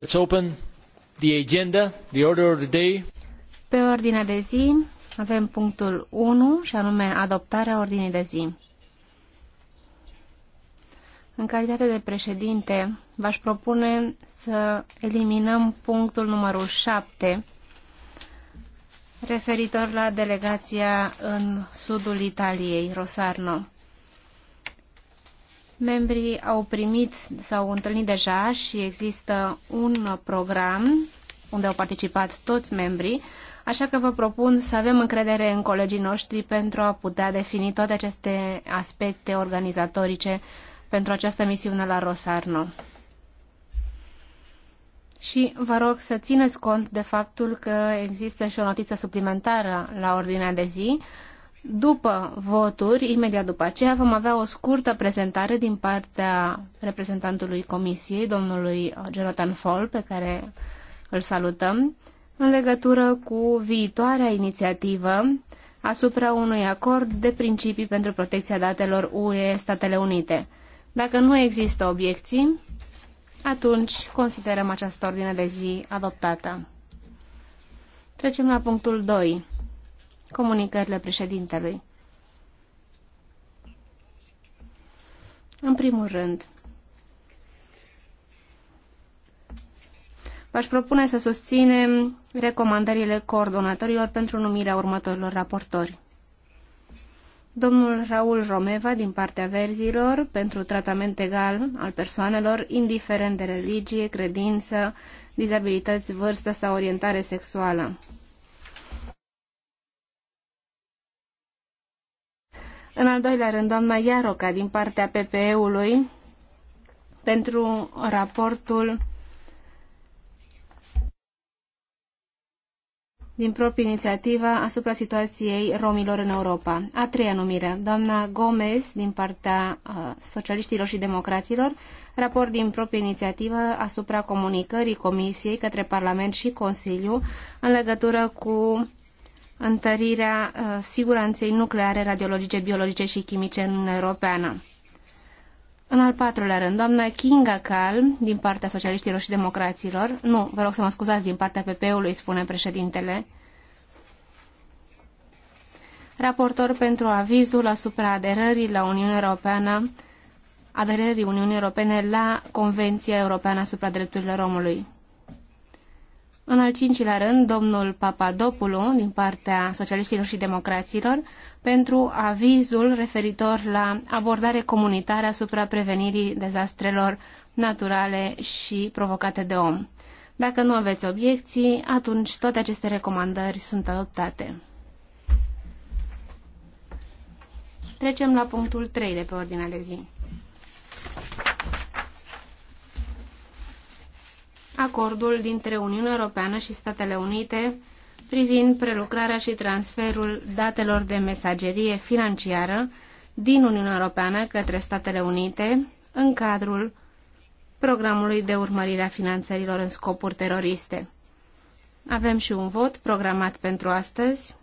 Let's open the agenda, the order of the day. Pe ordinea de zi avem punctul 1 și anume adoptarea ordinii de zi. În calitate de președinte, v-aș propune să eliminăm punctul numărul 7 referitor la delegația în sudul Italiei, Rosarno. Membrii au primit, s-au întâlnit deja și există un program unde au participat toți membrii, așa că vă propun să avem încredere în colegii noștri pentru a putea defini toate aceste aspecte organizatorice pentru această misiune la Rosarno. Și vă rog să țineți cont de faptul că există și o notiță suplimentară la ordinea de zi, după voturi, imediat după aceea, vom avea o scurtă prezentare din partea reprezentantului Comisiei, domnului Jonathan Fall, pe care îl salutăm, în legătură cu viitoarea inițiativă asupra unui acord de principii pentru protecția datelor UE-Statele Unite. Dacă nu există obiecții, atunci considerăm această ordine de zi adoptată. Trecem la punctul 2 comunicările președintelui. În primul rând, v-aș propune să susținem recomandările coordonatorilor pentru numirea următorilor raportori. Domnul Raul Romeva din partea verzilor pentru tratament egal al persoanelor, indiferent de religie, credință, dizabilități, vârstă sau orientare sexuală. În al doilea rând, doamna Iaroca din partea PPE-ului pentru raportul din proprie inițiativă asupra situației romilor în Europa. A treia numire, doamna Gomez din partea uh, socialiștilor și democraților, raport din proprie inițiativă asupra comunicării Comisiei către Parlament și Consiliu în legătură cu întărirea uh, siguranței nucleare, radiologice, biologice și chimice în Uniunea Europeană. În al patrulea rând, doamna Kinga Cal, din partea socialiștilor și democraților, nu, vă rog să mă scuzați, din partea PP-ului, spune președintele, raportor pentru avizul asupra aderării la Uniunea Europeană, aderării Uniunii Europene la Convenția Europeană asupra drepturilor omului. În al cincilea rând, domnul Papadopoulou, din partea socialiștilor și democraților, pentru avizul referitor la abordare comunitară asupra prevenirii dezastrelor naturale și provocate de om. Dacă nu aveți obiecții, atunci toate aceste recomandări sunt adoptate. Trecem la punctul 3 de pe ordinea de zi. acordul dintre Uniunea Europeană și Statele Unite privind prelucrarea și transferul datelor de mesagerie financiară din Uniunea Europeană către Statele Unite în cadrul programului de urmărire a finanțărilor în scopuri teroriste. Avem și un vot programat pentru astăzi.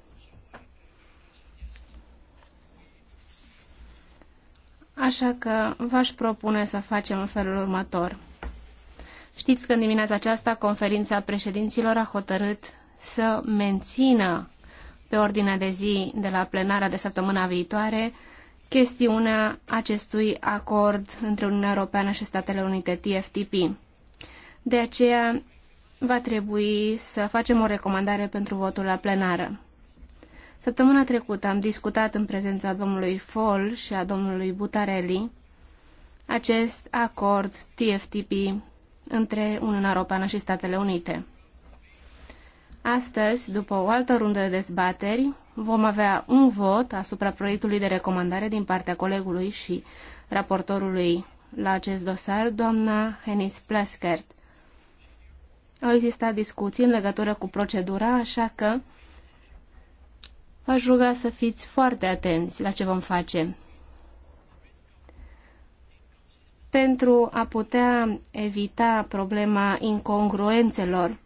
Așa că v-aș propune să facem în felul următor. Știți că în dimineața aceasta conferința președinților a hotărât să mențină pe ordinea de zi de la plenara de săptămâna viitoare chestiunea acestui acord între Uniunea Europeană și Statele Unite TFTP. De aceea va trebui să facem o recomandare pentru votul la plenară. Săptămâna trecută am discutat în prezența domnului Fall și a domnului Butarelli acest acord TFTP între Uniunea Europeană și Statele Unite. Astăzi, după o altă rundă de dezbateri, vom avea un vot asupra proiectului de recomandare din partea colegului și raportorului la acest dosar, doamna Henis Pleskert. Au existat discuții în legătură cu procedura, așa că v-aș ruga să fiți foarte atenți la ce vom face. pentru a putea evita problema incongruențelor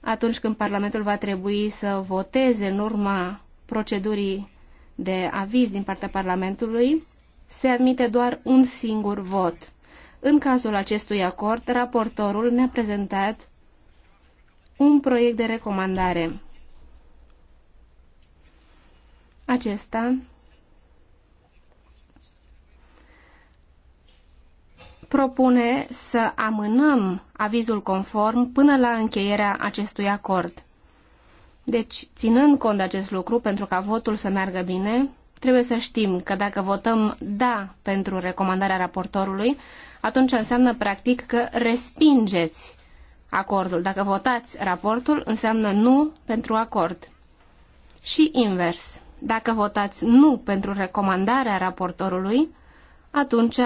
atunci când Parlamentul va trebui să voteze în urma procedurii de aviz din partea Parlamentului, se admite doar un singur vot. În cazul acestui acord, raportorul ne-a prezentat un proiect de recomandare. Acesta propune să amânăm avizul conform până la încheierea acestui acord. Deci, ținând cont de acest lucru, pentru ca votul să meargă bine, trebuie să știm că dacă votăm da pentru recomandarea raportorului, atunci înseamnă practic că respingeți acordul. Dacă votați raportul, înseamnă nu pentru acord. Și invers. Dacă votați nu pentru recomandarea raportorului, atunci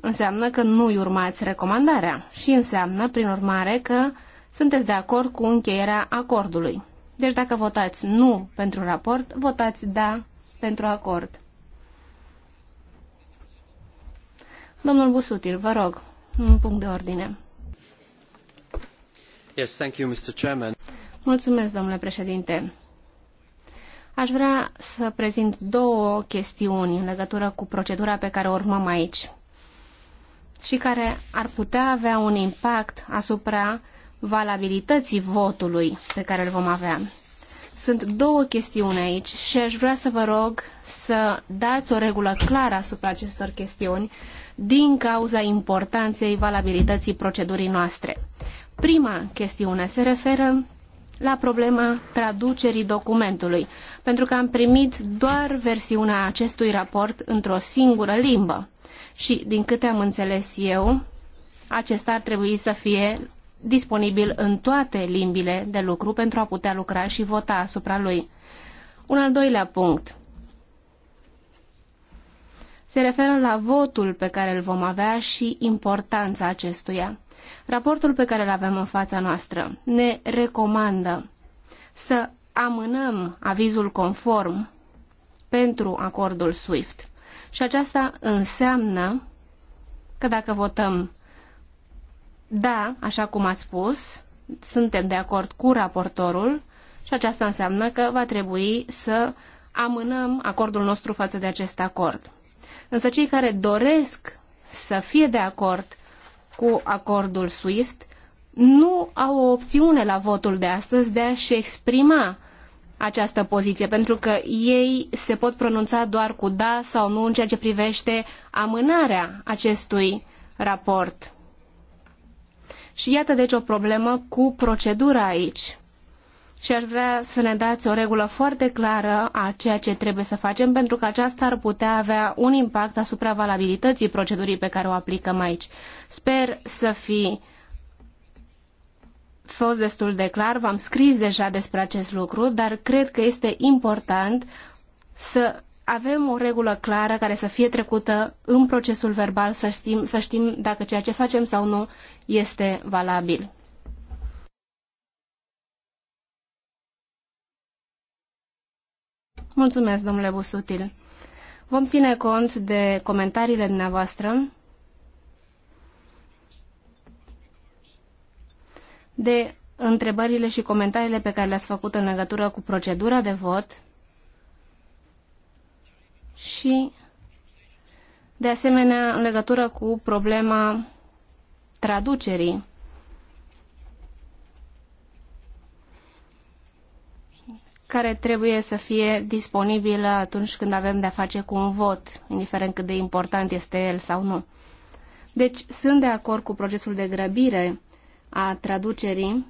înseamnă că nu urmați recomandarea și înseamnă, prin urmare, că sunteți de acord cu încheierea acordului. Deci dacă votați nu pentru raport, votați da pentru acord. Domnul Busutil, vă rog, un punct de ordine. Yes, thank you, Mr. Chairman. Mulțumesc, domnule președinte. Aș vrea să prezint două chestiuni în legătură cu procedura pe care o urmăm aici și care ar putea avea un impact asupra valabilității votului pe care îl vom avea. Sunt două chestiuni aici și aș vrea să vă rog să dați o regulă clară asupra acestor chestiuni din cauza importanței valabilității procedurii noastre. Prima chestiune se referă la problema traducerii documentului, pentru că am primit doar versiunea acestui raport într-o singură limbă și, din câte am înțeles eu, acesta ar trebui să fie disponibil în toate limbile de lucru pentru a putea lucra și vota asupra lui. Un al doilea punct se referă la votul pe care îl vom avea și importanța acestuia. Raportul pe care îl avem în fața noastră ne recomandă să amânăm avizul conform pentru acordul SWIFT. Și aceasta înseamnă că dacă votăm da, așa cum ați spus, suntem de acord cu raportorul și aceasta înseamnă că va trebui să amânăm acordul nostru față de acest acord. Însă cei care doresc să fie de acord cu acordul SWIFT nu au o opțiune la votul de astăzi de a-și exprima această poziție, pentru că ei se pot pronunța doar cu da sau nu în ceea ce privește amânarea acestui raport. Și iată deci o problemă cu procedura aici. Și aș vrea să ne dați o regulă foarte clară a ceea ce trebuie să facem, pentru că aceasta ar putea avea un impact asupra valabilității procedurii pe care o aplicăm aici. Sper să fi fost destul de clar, v-am scris deja despre acest lucru, dar cred că este important să avem o regulă clară care să fie trecută în procesul verbal, să știm, să știm dacă ceea ce facem sau nu este valabil. Mulțumesc, domnule Busutil. Vom ține cont de comentariile dumneavoastră de întrebările și comentariile pe care le-ați făcut în legătură cu procedura de vot și, de asemenea, în legătură cu problema traducerii. care trebuie să fie disponibilă atunci când avem de-a face cu un vot, indiferent cât de important este el sau nu. Deci sunt de acord cu procesul de grăbire a traducerii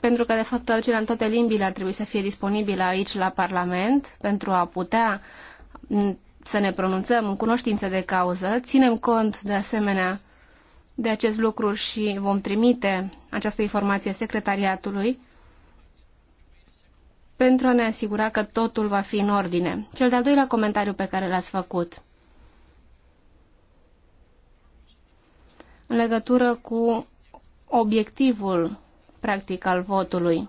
pentru că, de fapt, traducerea în toate limbile ar trebui să fie disponibilă aici la Parlament pentru a putea să ne pronunțăm în cunoștință de cauză. Ținem cont, de asemenea, de acest lucru și vom trimite această informație secretariatului pentru a ne asigura că totul va fi în ordine. Cel de-al doilea comentariu pe care l-ați făcut. În legătură cu obiectivul practic al votului.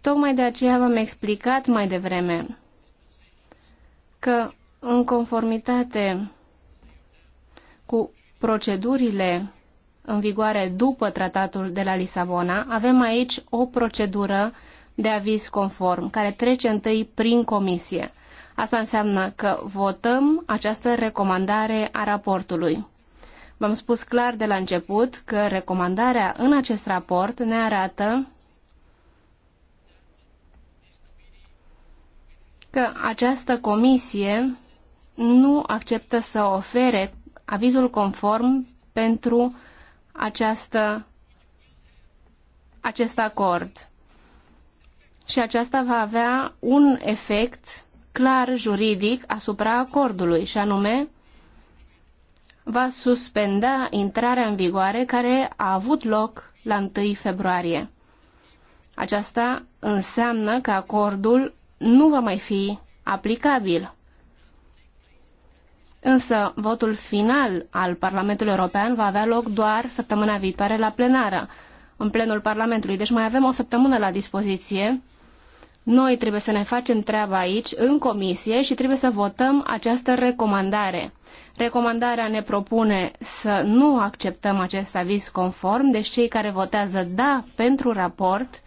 Tocmai de aceea v-am explicat mai devreme că în conformitate cu procedurile în vigoare după tratatul de la Lisabona, avem aici o procedură de aviz conform, care trece întâi prin comisie. Asta înseamnă că votăm această recomandare a raportului. V-am spus clar de la început că recomandarea în acest raport ne arată că această comisie nu acceptă să ofere avizul conform pentru această, acest acord. Și aceasta va avea un efect clar juridic asupra acordului, și anume va suspenda intrarea în vigoare care a avut loc la 1 februarie. Aceasta înseamnă că acordul nu va mai fi aplicabil. Însă, votul final al Parlamentului European va avea loc doar săptămâna viitoare la plenară, în plenul Parlamentului. Deci mai avem o săptămână la dispoziție. Noi trebuie să ne facem treaba aici, în comisie, și trebuie să votăm această recomandare. Recomandarea ne propune să nu acceptăm acest aviz conform, deci cei care votează da pentru raport,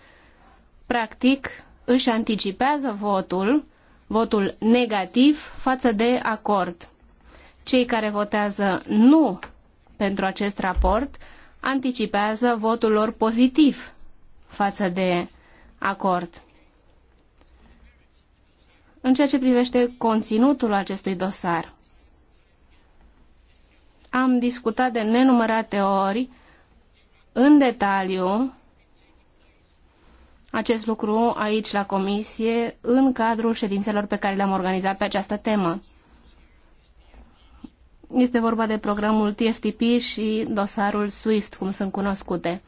practic își anticipează votul, votul negativ față de acord. Cei care votează nu pentru acest raport anticipează votul lor pozitiv față de acord. În ceea ce privește conținutul acestui dosar, am discutat de nenumărate ori în detaliu acest lucru aici la comisie în cadrul ședințelor pe care le-am organizat pe această temă. Este vorba de programul TFTP și dosarul SWIFT, cum sunt cunoscute.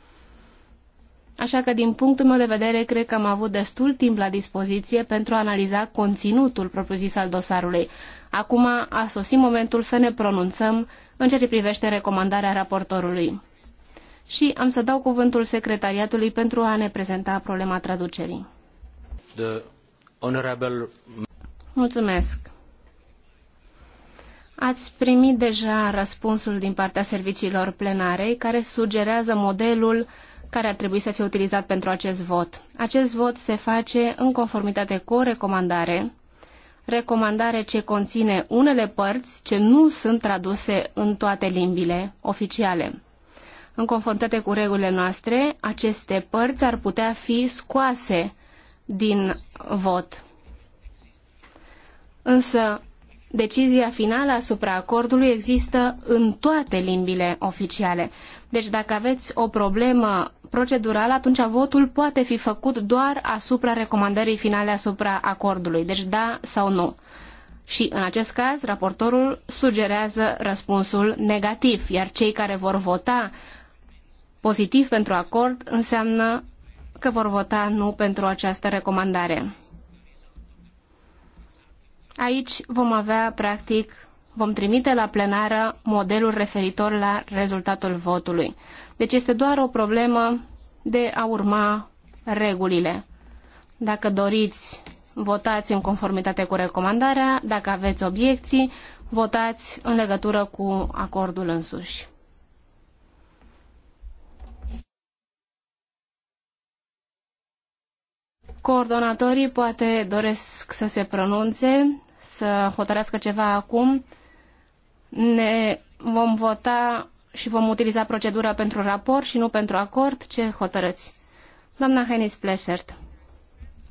Așa că, din punctul meu de vedere, cred că am avut destul timp la dispoziție pentru a analiza conținutul propriu-zis al dosarului. Acum a sosit momentul să ne pronunțăm în ceea ce privește recomandarea raportorului. Și am să dau cuvântul secretariatului pentru a ne prezenta problema traducerii. The honorable... Mulțumesc. Ați primit deja răspunsul din partea serviciilor plenarei care sugerează modelul care ar trebui să fie utilizat pentru acest vot. Acest vot se face în conformitate cu o recomandare, recomandare ce conține unele părți ce nu sunt traduse în toate limbile oficiale. În conformitate cu regulile noastre, aceste părți ar putea fi scoase din vot. Însă, Decizia finală asupra acordului există în toate limbile oficiale. Deci dacă aveți o problemă procedurală, atunci votul poate fi făcut doar asupra recomandării finale asupra acordului. Deci da sau nu. Și în acest caz, raportorul sugerează răspunsul negativ, iar cei care vor vota pozitiv pentru acord înseamnă că vor vota nu pentru această recomandare. Aici vom avea, practic, vom trimite la plenară modelul referitor la rezultatul votului. Deci este doar o problemă de a urma regulile. Dacă doriți, votați în conformitate cu recomandarea, dacă aveți obiecții, votați în legătură cu acordul însuși. Coordonatorii poate doresc să se pronunțe, să hotărească ceva acum. Ne vom vota și vom utiliza procedura pentru raport și nu pentru acord. Ce hotărăți? Doamna Henis Plesert.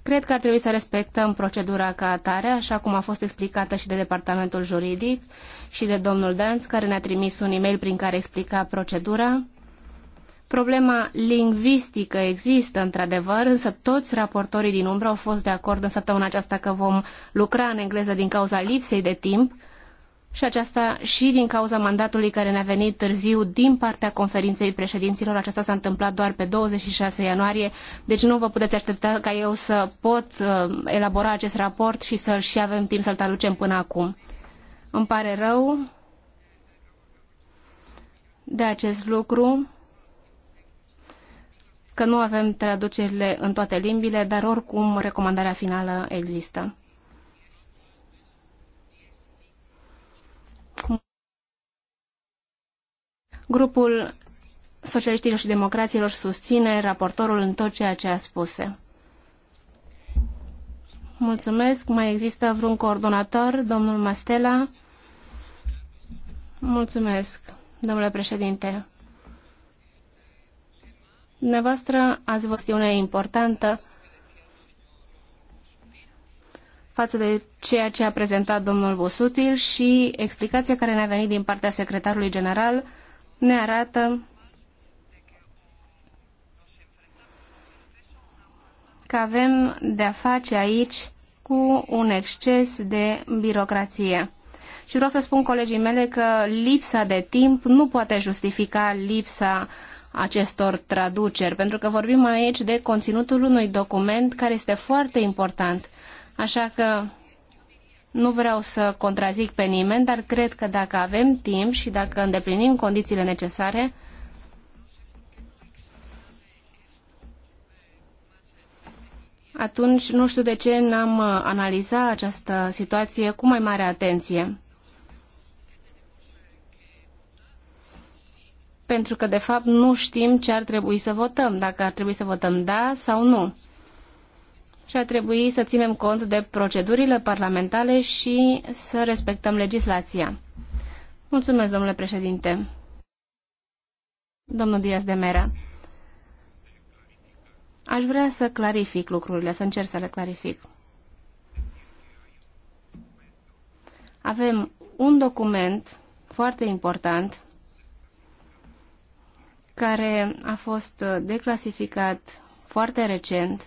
Cred că ar trebui să respectăm procedura ca atare, așa cum a fost explicată și de departamentul juridic și de domnul Danț, care ne-a trimis un e-mail prin care explica procedura. Problema lingvistică există într-adevăr, însă toți raportorii din umbră au fost de acord în săptămâna aceasta că vom lucra în engleză din cauza lipsei de timp și aceasta și din cauza mandatului care ne-a venit târziu din partea conferinței președinților. Aceasta s-a întâmplat doar pe 26 ianuarie, deci nu vă puteți aștepta ca eu să pot uh, elabora acest raport și să și avem timp să-l traducem până acum. Îmi pare rău de acest lucru că nu avem traducerile în toate limbile, dar oricum recomandarea finală există. Grupul socialiștilor și democraților susține raportorul în tot ceea ce a spuse. Mulțumesc. Mai există vreun coordonator? Domnul Mastela? Mulțumesc, domnule președinte. Dumneavoastră ați văzut o importantă față de ceea ce a prezentat domnul Busutil și explicația care ne-a venit din partea secretarului general ne arată că avem de-a face aici cu un exces de birocrație. Și vreau să spun colegii mele că lipsa de timp nu poate justifica lipsa acestor traduceri, pentru că vorbim aici de conținutul unui document care este foarte important. Așa că nu vreau să contrazic pe nimeni, dar cred că dacă avem timp și dacă îndeplinim condițiile necesare, atunci nu știu de ce n-am analizat această situație cu mai mare atenție. pentru că, de fapt, nu știm ce ar trebui să votăm, dacă ar trebui să votăm da sau nu. Și ar trebui să ținem cont de procedurile parlamentare și să respectăm legislația. Mulțumesc, domnule președinte. Domnul Diaz de Mera. Aș vrea să clarific lucrurile, să încerc să le clarific. Avem un document foarte important care a fost declasificat foarte recent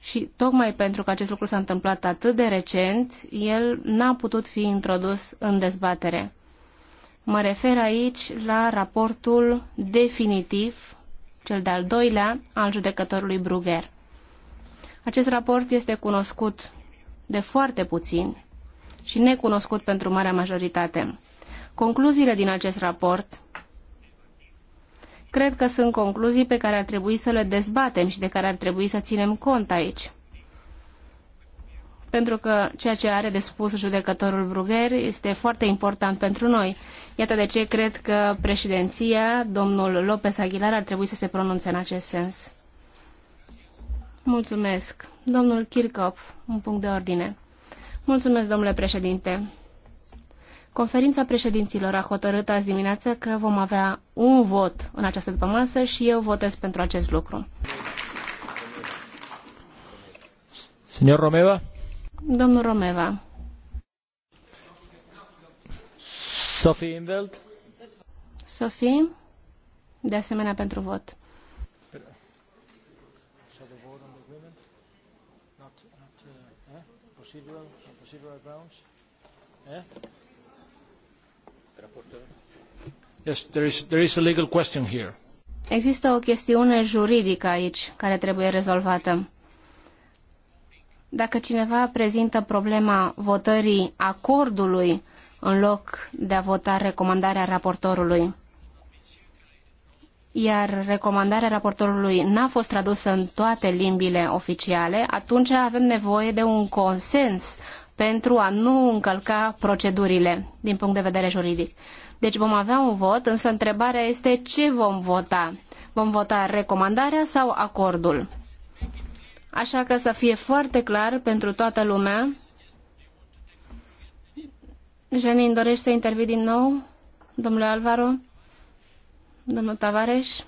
și tocmai pentru că acest lucru s-a întâmplat atât de recent, el n-a putut fi introdus în dezbatere. Mă refer aici la raportul definitiv, cel de-al doilea, al judecătorului Brugger. Acest raport este cunoscut de foarte puțin și necunoscut pentru marea majoritate. Concluziile din acest raport cred că sunt concluzii pe care ar trebui să le dezbatem și de care ar trebui să ținem cont aici. Pentru că ceea ce are de spus judecătorul Brugher este foarte important pentru noi. Iată de ce cred că președinția, domnul López Aguilar, ar trebui să se pronunțe în acest sens. Mulțumesc. Domnul Kirchhoff, un punct de ordine. Mulțumesc, domnule președinte. Conferința președinților a hotărât azi dimineață că vom avea un vot în această dupămasă și eu votez pentru acest lucru. Senor Romeva? Domnul Romeva. Sophie Inveld? Sophie, de asemenea pentru vot. Yeah. Yes, there is, there is a legal question here. Există o chestiune juridică aici care trebuie rezolvată. Dacă cineva prezintă problema votării acordului în loc de a vota recomandarea raportorului, iar recomandarea raportorului n-a fost tradusă în toate limbile oficiale, atunci avem nevoie de un consens pentru a nu încălca procedurile din punct de vedere juridic. Deci vom avea un vot, însă întrebarea este ce vom vota. Vom vota recomandarea sau acordul? Așa că să fie foarte clar pentru toată lumea. Jenin, dorești să intervii din nou? Domnule Alvaro? Domnul Tavares?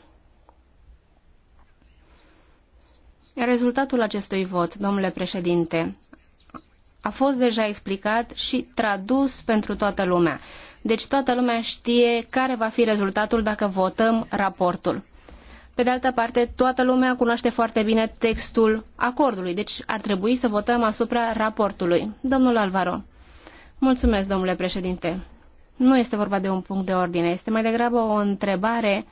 Rezultatul acestui vot, domnule președinte, a fost deja explicat și tradus pentru toată lumea. Deci toată lumea știe care va fi rezultatul dacă votăm raportul. Pe de altă parte, toată lumea cunoaște foarte bine textul acordului, deci ar trebui să votăm asupra raportului. Domnul Alvaro. Mulțumesc, domnule președinte. Nu este vorba de un punct de ordine, este mai degrabă o întrebare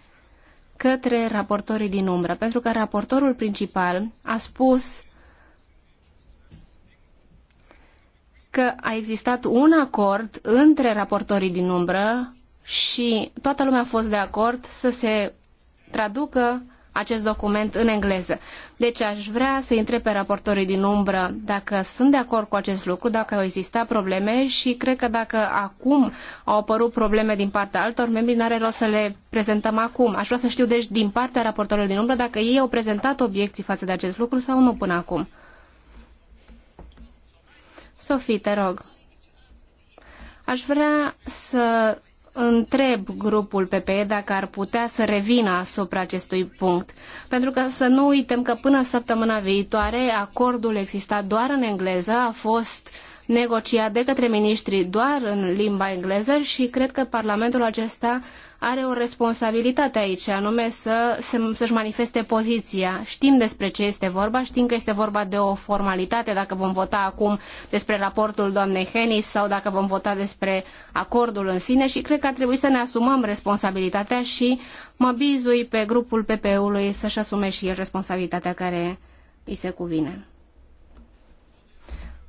către raportorii din umbră, pentru că raportorul principal a spus că a existat un acord între raportorii din umbră și toată lumea a fost de acord să se traducă acest document în engleză. Deci aș vrea să întreb pe raportorii din umbră dacă sunt de acord cu acest lucru, dacă au existat probleme și cred că dacă acum au apărut probleme din partea altor membri, n-are rost să le prezentăm acum. Aș vrea să știu deci din partea raportorilor din umbră dacă ei au prezentat obiecții față de acest lucru sau nu până acum. Sofie, te rog. Aș vrea să întreb grupul PPE dacă ar putea să revină asupra acestui punct. Pentru că să nu uităm că până săptămâna viitoare acordul exista doar în engleză, a fost uh, negociat de către miniștri doar în limba engleză și cred că Parlamentul acesta are o responsabilitate aici, anume să, să-și manifeste poziția. Știm despre ce este vorba, știm că este vorba de o formalitate dacă vom vota acum despre raportul doamnei Henis sau dacă vom vota despre acordul în sine și cred că ar trebui să ne asumăm responsabilitatea și mă bizui pe grupul PPE-ului să-și asume și el responsabilitatea care îi se cuvine.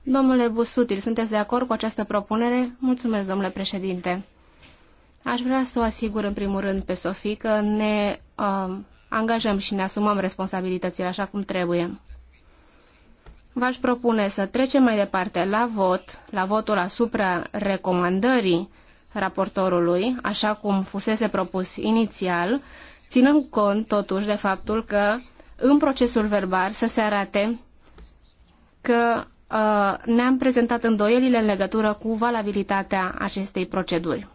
Domnule Busutil, sunteți de acord cu această propunere? Mulțumesc, domnule președinte. Aș vrea să o asigur în primul rând pe Sofie că ne uh, angajăm și ne asumăm responsabilitățile așa cum trebuie. V-aș propune să trecem mai departe la vot, la votul asupra recomandării raportorului, așa cum fusese propus inițial, ținând cont totuși de faptul că în procesul verbal să se arate că Uh, ne-am prezentat îndoielile în legătură cu valabilitatea acestei proceduri.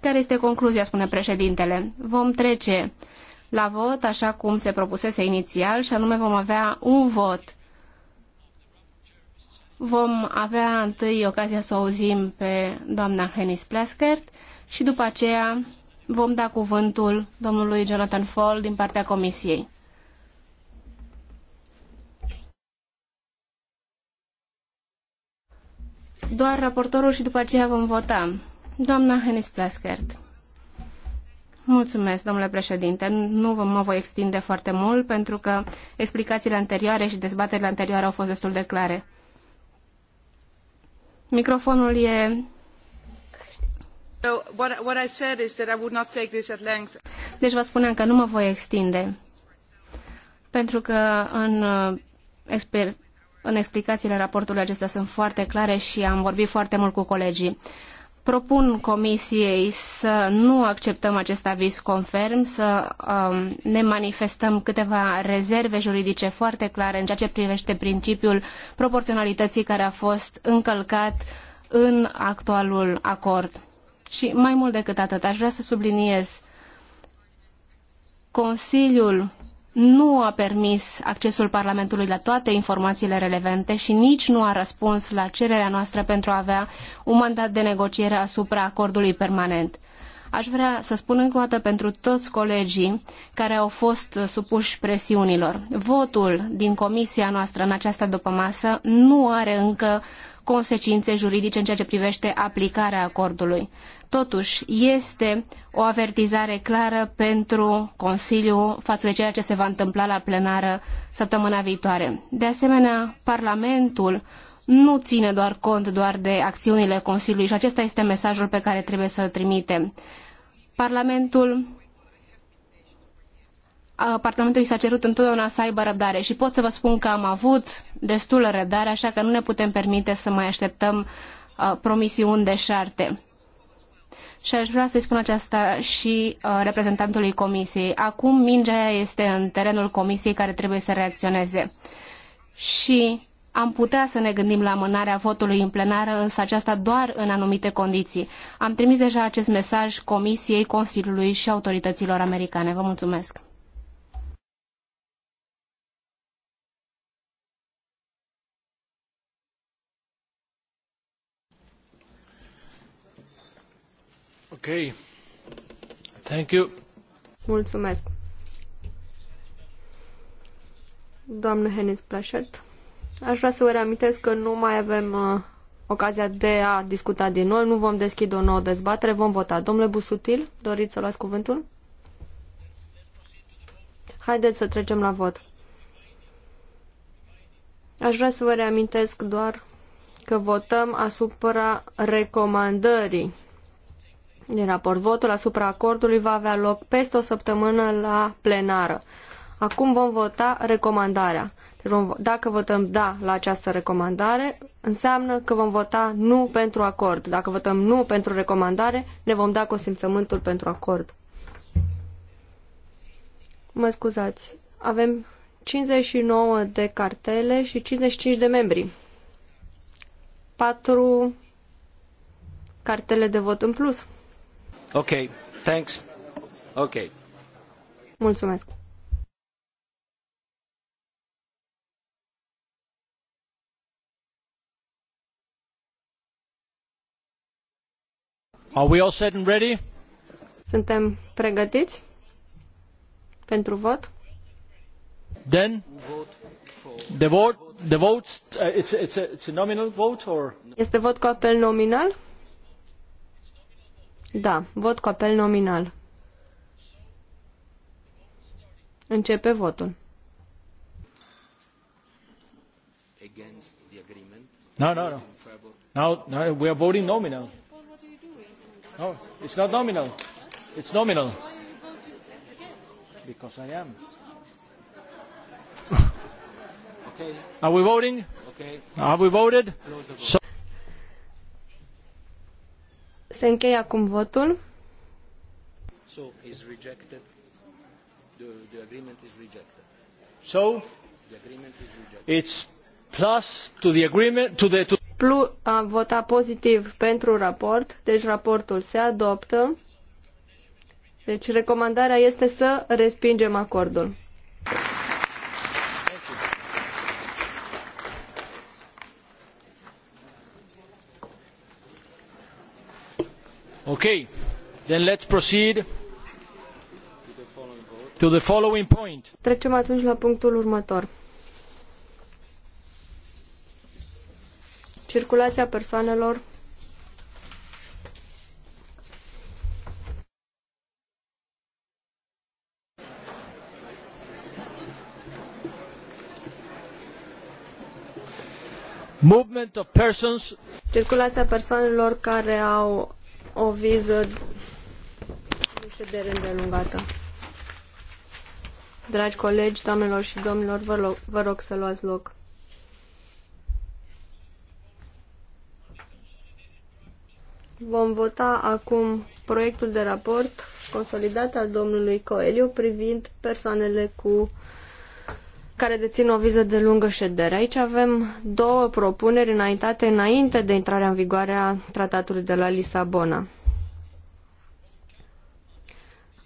Care este concluzia, spune președintele? Vom trece la vot, așa cum se propusese inițial, și anume vom avea un vot. Vom avea întâi ocazia să o auzim pe doamna Henis Plaskert și după aceea vom da cuvântul domnului Jonathan Fall din partea comisiei. doar raportorul și după aceea vom vota. Doamna Henis Plaskert. Mulțumesc, domnule președinte. Nu vă, mă voi extinde foarte mult pentru că explicațiile anterioare și dezbaterile anterioare au fost destul de clare. Microfonul e deci vă spuneam că nu mă voi extinde, pentru că în uh, în explicațiile raportului acestea sunt foarte clare și am vorbit foarte mult cu colegii. Propun comisiei să nu acceptăm acest aviz confirm, să um, ne manifestăm câteva rezerve juridice foarte clare în ceea ce privește principiul proporționalității care a fost încălcat în actualul acord. Și mai mult decât atât, aș vrea să subliniez Consiliul nu a permis accesul Parlamentului la toate informațiile relevante și nici nu a răspuns la cererea noastră pentru a avea un mandat de negociere asupra acordului permanent. Aș vrea să spun încă o dată pentru toți colegii care au fost supuși presiunilor. Votul din comisia noastră în această dupămasă nu are încă consecințe juridice în ceea ce privește aplicarea acordului totuși este o avertizare clară pentru Consiliu față de ceea ce se va întâmpla la plenară săptămâna viitoare. De asemenea, Parlamentul nu ține doar cont doar de acțiunile Consiliului și acesta este mesajul pe care trebuie să-l trimitem. Parlamentul Parlamentului s-a cerut întotdeauna să aibă răbdare și pot să vă spun că am avut destulă răbdare, așa că nu ne putem permite să mai așteptăm promisiuni deșarte și aș vrea să-i spun aceasta și uh, reprezentantului comisiei. Acum mingea este în terenul comisiei care trebuie să reacționeze. Și am putea să ne gândim la amânarea votului în plenară, însă aceasta doar în anumite condiții. Am trimis deja acest mesaj Comisiei, Consiliului și autorităților americane. Vă mulțumesc! Ok, Thank you. Mulțumesc. Doamnă Henis Plașert, aș vrea să vă reamintesc că nu mai avem uh, ocazia de a discuta din nou. Nu vom deschide o nouă dezbatere, vom vota. Domnule Busutil, doriți să luați cuvântul? Haideți să trecem la vot. Aș vrea să vă reamintesc doar că votăm asupra recomandării din raport. Votul asupra acordului va avea loc peste o săptămână la plenară. Acum vom vota recomandarea. Deci dacă votăm da la această recomandare, înseamnă că vom vota nu pentru acord. Dacă votăm nu pentru recomandare, ne vom da consimțământul pentru acord. Mă scuzați, avem 59 de cartele și 55 de membri. 4 cartele de vot în plus. Ok, thanks. Ok. Mulțumesc. Are we all set and ready? Suntem pregătiți pentru vot? Then the vote the votes uh, it's it's a, it's a nominal vote or Este vot cu apel nominal? Da, vot cu apel nominal. Începe votul. No, no, no. Now, no, we are voting nominal. No, it's not nominal. It's nominal. Because I am. okay. Are we voting? Okay. Are we voted? So se încheie acum votul. So is rejected. The, the agreement is rejected. So the agreement is rejected. It's plus to the agreement to the to Plu a votat pozitiv pentru raport, deci raportul se adoptă. Deci recomandarea este să respingem acordul. Okay, then let's proceed to the following point. Trecem atunci la punctul următor. Circulația persoanelor Movement of persons. Circulația persoanelor care au o viză de ședere lungată, Dragi colegi, doamnelor și domnilor, vă, vă rog să luați loc. Vom vota acum proiectul de raport consolidat al domnului Coelho privind persoanele cu care dețin o viză de lungă ședere. Aici avem două propuneri înaintate înainte de intrarea în vigoare a tratatului de la Lisabona.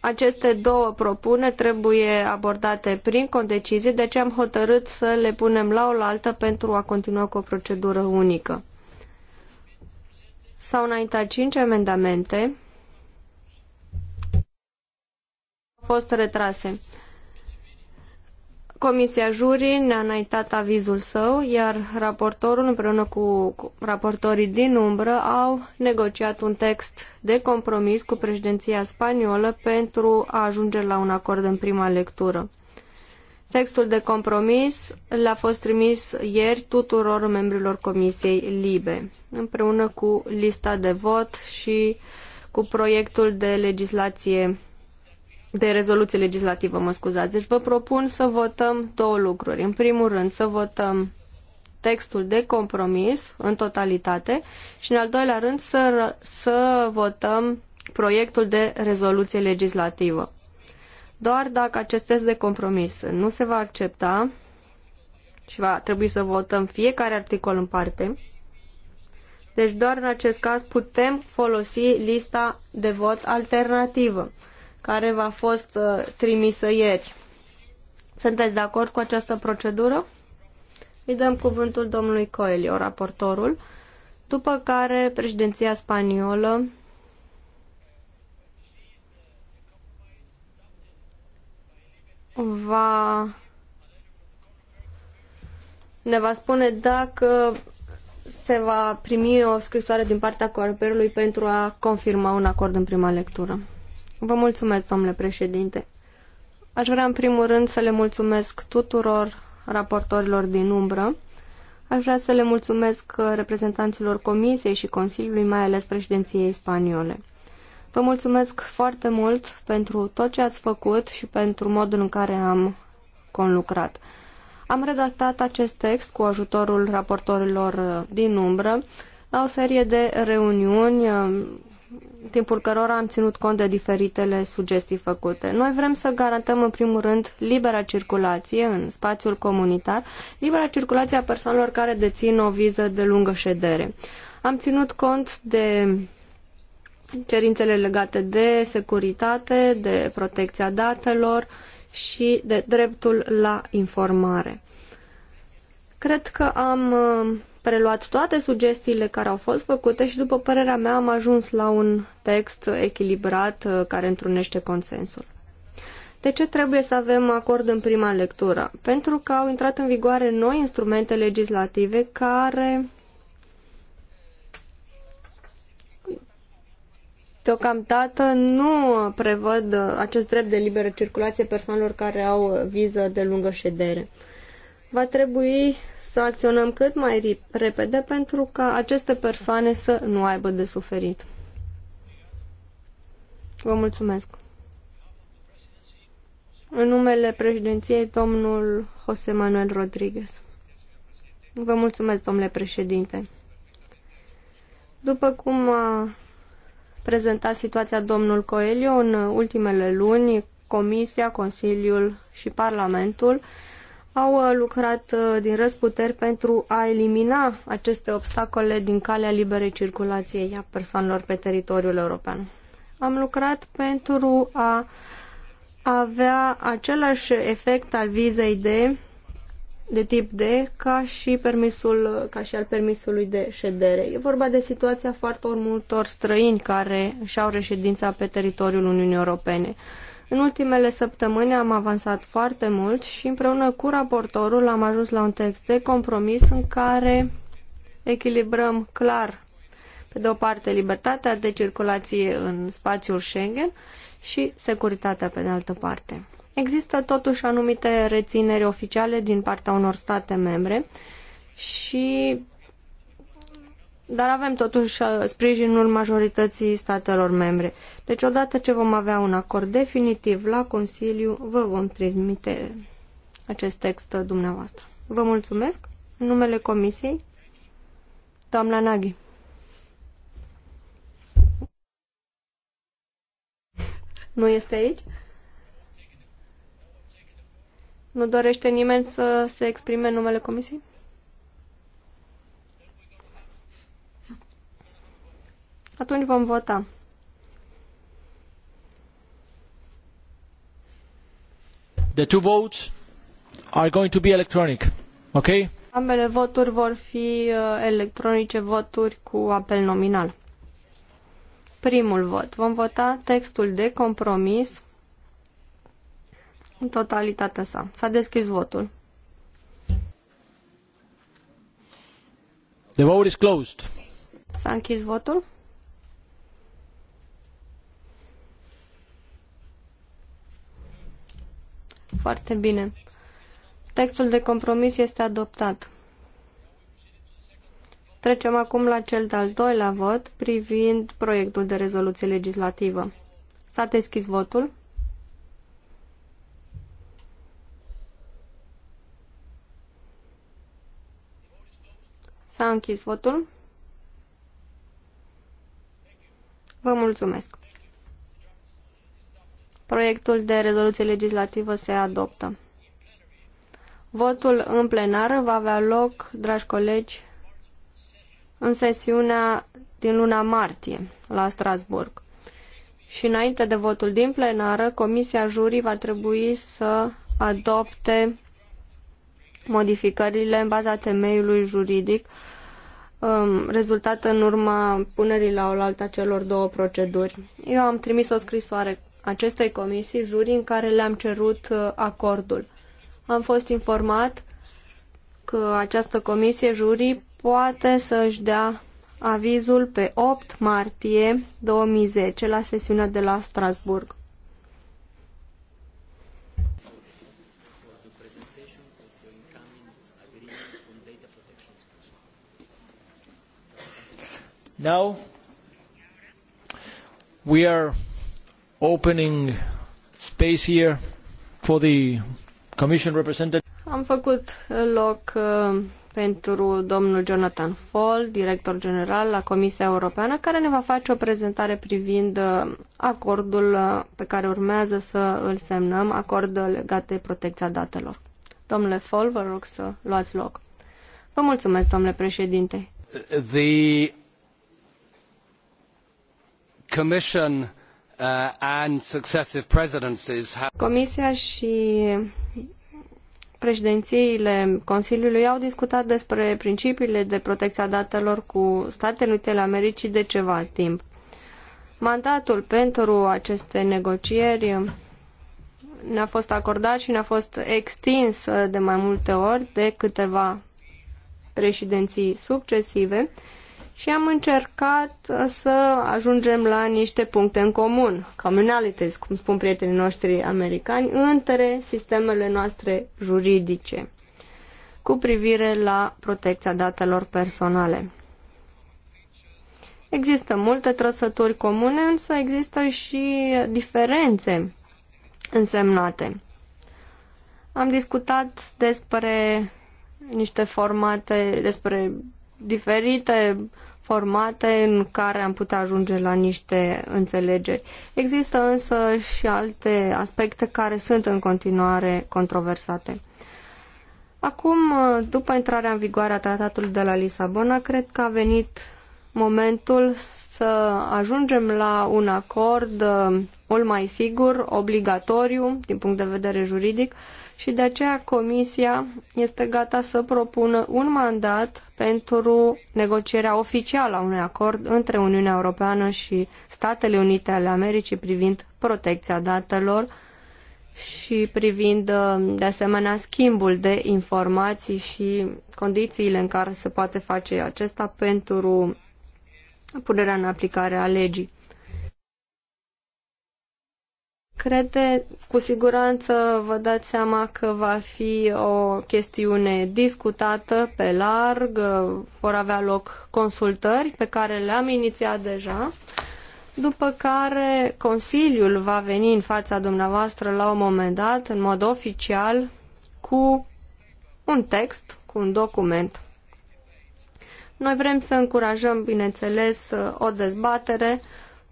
Aceste două propuneri trebuie abordate prin condecizie, de aceea am hotărât să le punem la oaltă pentru a continua cu o procedură unică. S-au înaintat cinci amendamente, au fost retrase. Comisia Juri ne-a înaintat avizul său, iar raportorul împreună cu raportorii din umbră au negociat un text de compromis cu președinția spaniolă pentru a ajunge la un acord în prima lectură. Textul de compromis le-a fost trimis ieri tuturor membrilor Comisiei Libe, împreună cu lista de vot și cu proiectul de legislație de rezoluție legislativă, mă scuzați. Deci vă propun să votăm două lucruri. În primul rând, să votăm textul de compromis în totalitate și, în al doilea rând, să, să votăm proiectul de rezoluție legislativă. Doar dacă acest test de compromis nu se va accepta și va trebui să votăm fiecare articol în parte, deci doar în acest caz putem folosi lista de vot alternativă care v-a fost uh, trimisă ieri. Sunteți de acord cu această procedură? Îi dăm cuvântul domnului Coelho, raportorul, după care președinția spaniolă va ne va spune dacă se va primi o scrisoare din partea Corperului pentru a confirma un acord în prima lectură. Vă mulțumesc, domnule președinte. Aș vrea în primul rând să le mulțumesc tuturor raportorilor din umbră. Aș vrea să le mulțumesc reprezentanților Comisiei și Consiliului, mai ales președinției spaniole. Vă mulțumesc foarte mult pentru tot ce ați făcut și pentru modul în care am conlucrat. Am redactat acest text cu ajutorul raportorilor din umbră la o serie de reuniuni în timpul cărora am ținut cont de diferitele sugestii făcute. Noi vrem să garantăm, în primul rând, libera circulație în spațiul comunitar, libera circulație a persoanelor care dețin o viză de lungă ședere. Am ținut cont de cerințele legate de securitate, de protecția datelor și de dreptul la informare. Cred că am uh, preluat toate sugestiile care au fost făcute și, după părerea mea, am ajuns la un text echilibrat uh, care întrunește consensul. De ce trebuie să avem acord în prima lectură? Pentru că au intrat în vigoare noi instrumente legislative care deocamdată nu prevăd uh, acest drept de liberă circulație persoanelor care au viză de lungă ședere. Va trebui să acționăm cât mai repede pentru ca aceste persoane să nu aibă de suferit. Vă mulțumesc. În numele președinției, domnul José Manuel Rodríguez. Vă mulțumesc, domnule președinte. După cum a prezentat situația domnul Coelho în ultimele luni, Comisia, Consiliul și Parlamentul au uh, lucrat uh, din răsputeri pentru a elimina aceste obstacole din calea liberei circulației a persoanelor pe teritoriul european. Am lucrat pentru a avea același efect al vizei de de tip D ca și permisul ca și al permisului de ședere. E vorba de situația foarte multor străini care și-au reședința pe teritoriul Uniunii Europene. În ultimele săptămâni am avansat foarte mult și împreună cu raportorul am ajuns la un text de compromis în care echilibrăm clar, pe de o parte, libertatea de circulație în spațiul Schengen și securitatea pe de altă parte. Există totuși anumite rețineri oficiale din partea unor state membre și dar avem totuși uh, sprijinul majorității statelor membre. Deci odată ce vom avea un acord definitiv la Consiliu, vă vom transmite acest text dumneavoastră. Vă mulțumesc. În numele Comisiei, doamna Naghi. Nu este aici? Nu dorește nimeni să se exprime în numele Comisiei? Atunci vom vota. The two votes are going to be electronic. Okay? Ambele voturi vor fi uh, electronice, voturi cu apel nominal. Primul vot. Vom vota textul de compromis în totalitatea sa. S-a deschis votul. The vote is closed. S-a închis votul. Foarte bine. Textul de compromis este adoptat. Trecem acum la cel de-al doilea vot privind proiectul de rezoluție legislativă. S-a deschis votul. S-a închis votul. Vă mulțumesc. Proiectul de rezoluție legislativă se adoptă. Votul în plenară va avea loc, dragi colegi, în sesiunea din luna martie la Strasburg. Și înainte de votul din plenară, Comisia Jurii va trebui să adopte modificările în baza temeiului juridic um, rezultat în urma punerii la oaltă a celor două proceduri. Eu am trimis o scrisoare acestei comisii, juri, în care le-am cerut uh, acordul. Am fost informat că această comisie, juri, poate să-și dea avizul pe 8 martie 2010 la sesiunea de la Strasburg. Now we are opening space here for the Commission representative. Am făcut uh, loc uh, pentru domnul Jonathan Fall, director general la Comisia Europeană, care ne va face o prezentare privind uh, acordul uh, pe care urmează să îl semnăm, acord legat de protecția datelor. Domnule Fall, vă rog să luați loc. Vă mulțumesc, domnule președinte. The Commission Uh, and successive presidencies have... Comisia și președințiile Consiliului au discutat despre principiile de protecție a datelor cu Statele Unite ale Americii de ceva timp. Mandatul pentru aceste negocieri ne-a fost acordat și ne-a fost extins de mai multe ori de câteva președinții succesive și am încercat uh, să ajungem la niște puncte în comun, communalities, cum spun prietenii noștri americani, între sistemele noastre juridice cu privire la protecția datelor personale. Există multe trăsături comune, însă există și diferențe însemnate. Am discutat despre niște formate, despre diferite formate în care am putea ajunge la niște înțelegeri. Există însă și alte aspecte care sunt în continuare controversate. Acum, după intrarea în vigoare a tratatului de la Lisabona, cred că a venit momentul să ajungem la un acord uh, mult mai sigur, obligatoriu din punct de vedere juridic, și de aceea Comisia este gata să propună un mandat pentru negocierea oficială a unui acord între Uniunea Europeană și Statele Unite ale Americii privind protecția datelor și privind uh, de asemenea schimbul de informații și condițiile în care se poate face acesta pentru punerea în aplicare a legii. Crede, cu siguranță vă dați seama că va fi o chestiune discutată pe larg, vor avea loc consultări pe care le-am inițiat deja, după care Consiliul va veni în fața dumneavoastră la un moment dat, în mod oficial, cu un text, cu un document. Noi vrem să încurajăm, bineînțeles, o dezbatere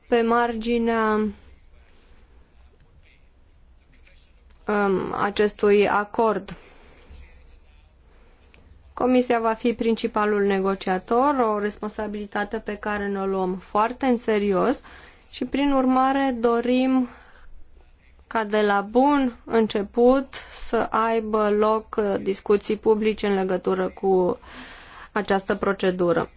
pe marginea um, acestui acord. Comisia va fi principalul negociator, o responsabilitate pe care ne-o luăm foarte în serios și, prin urmare, dorim ca de la bun început să aibă loc uh, discuții publice în legătură cu această procedură.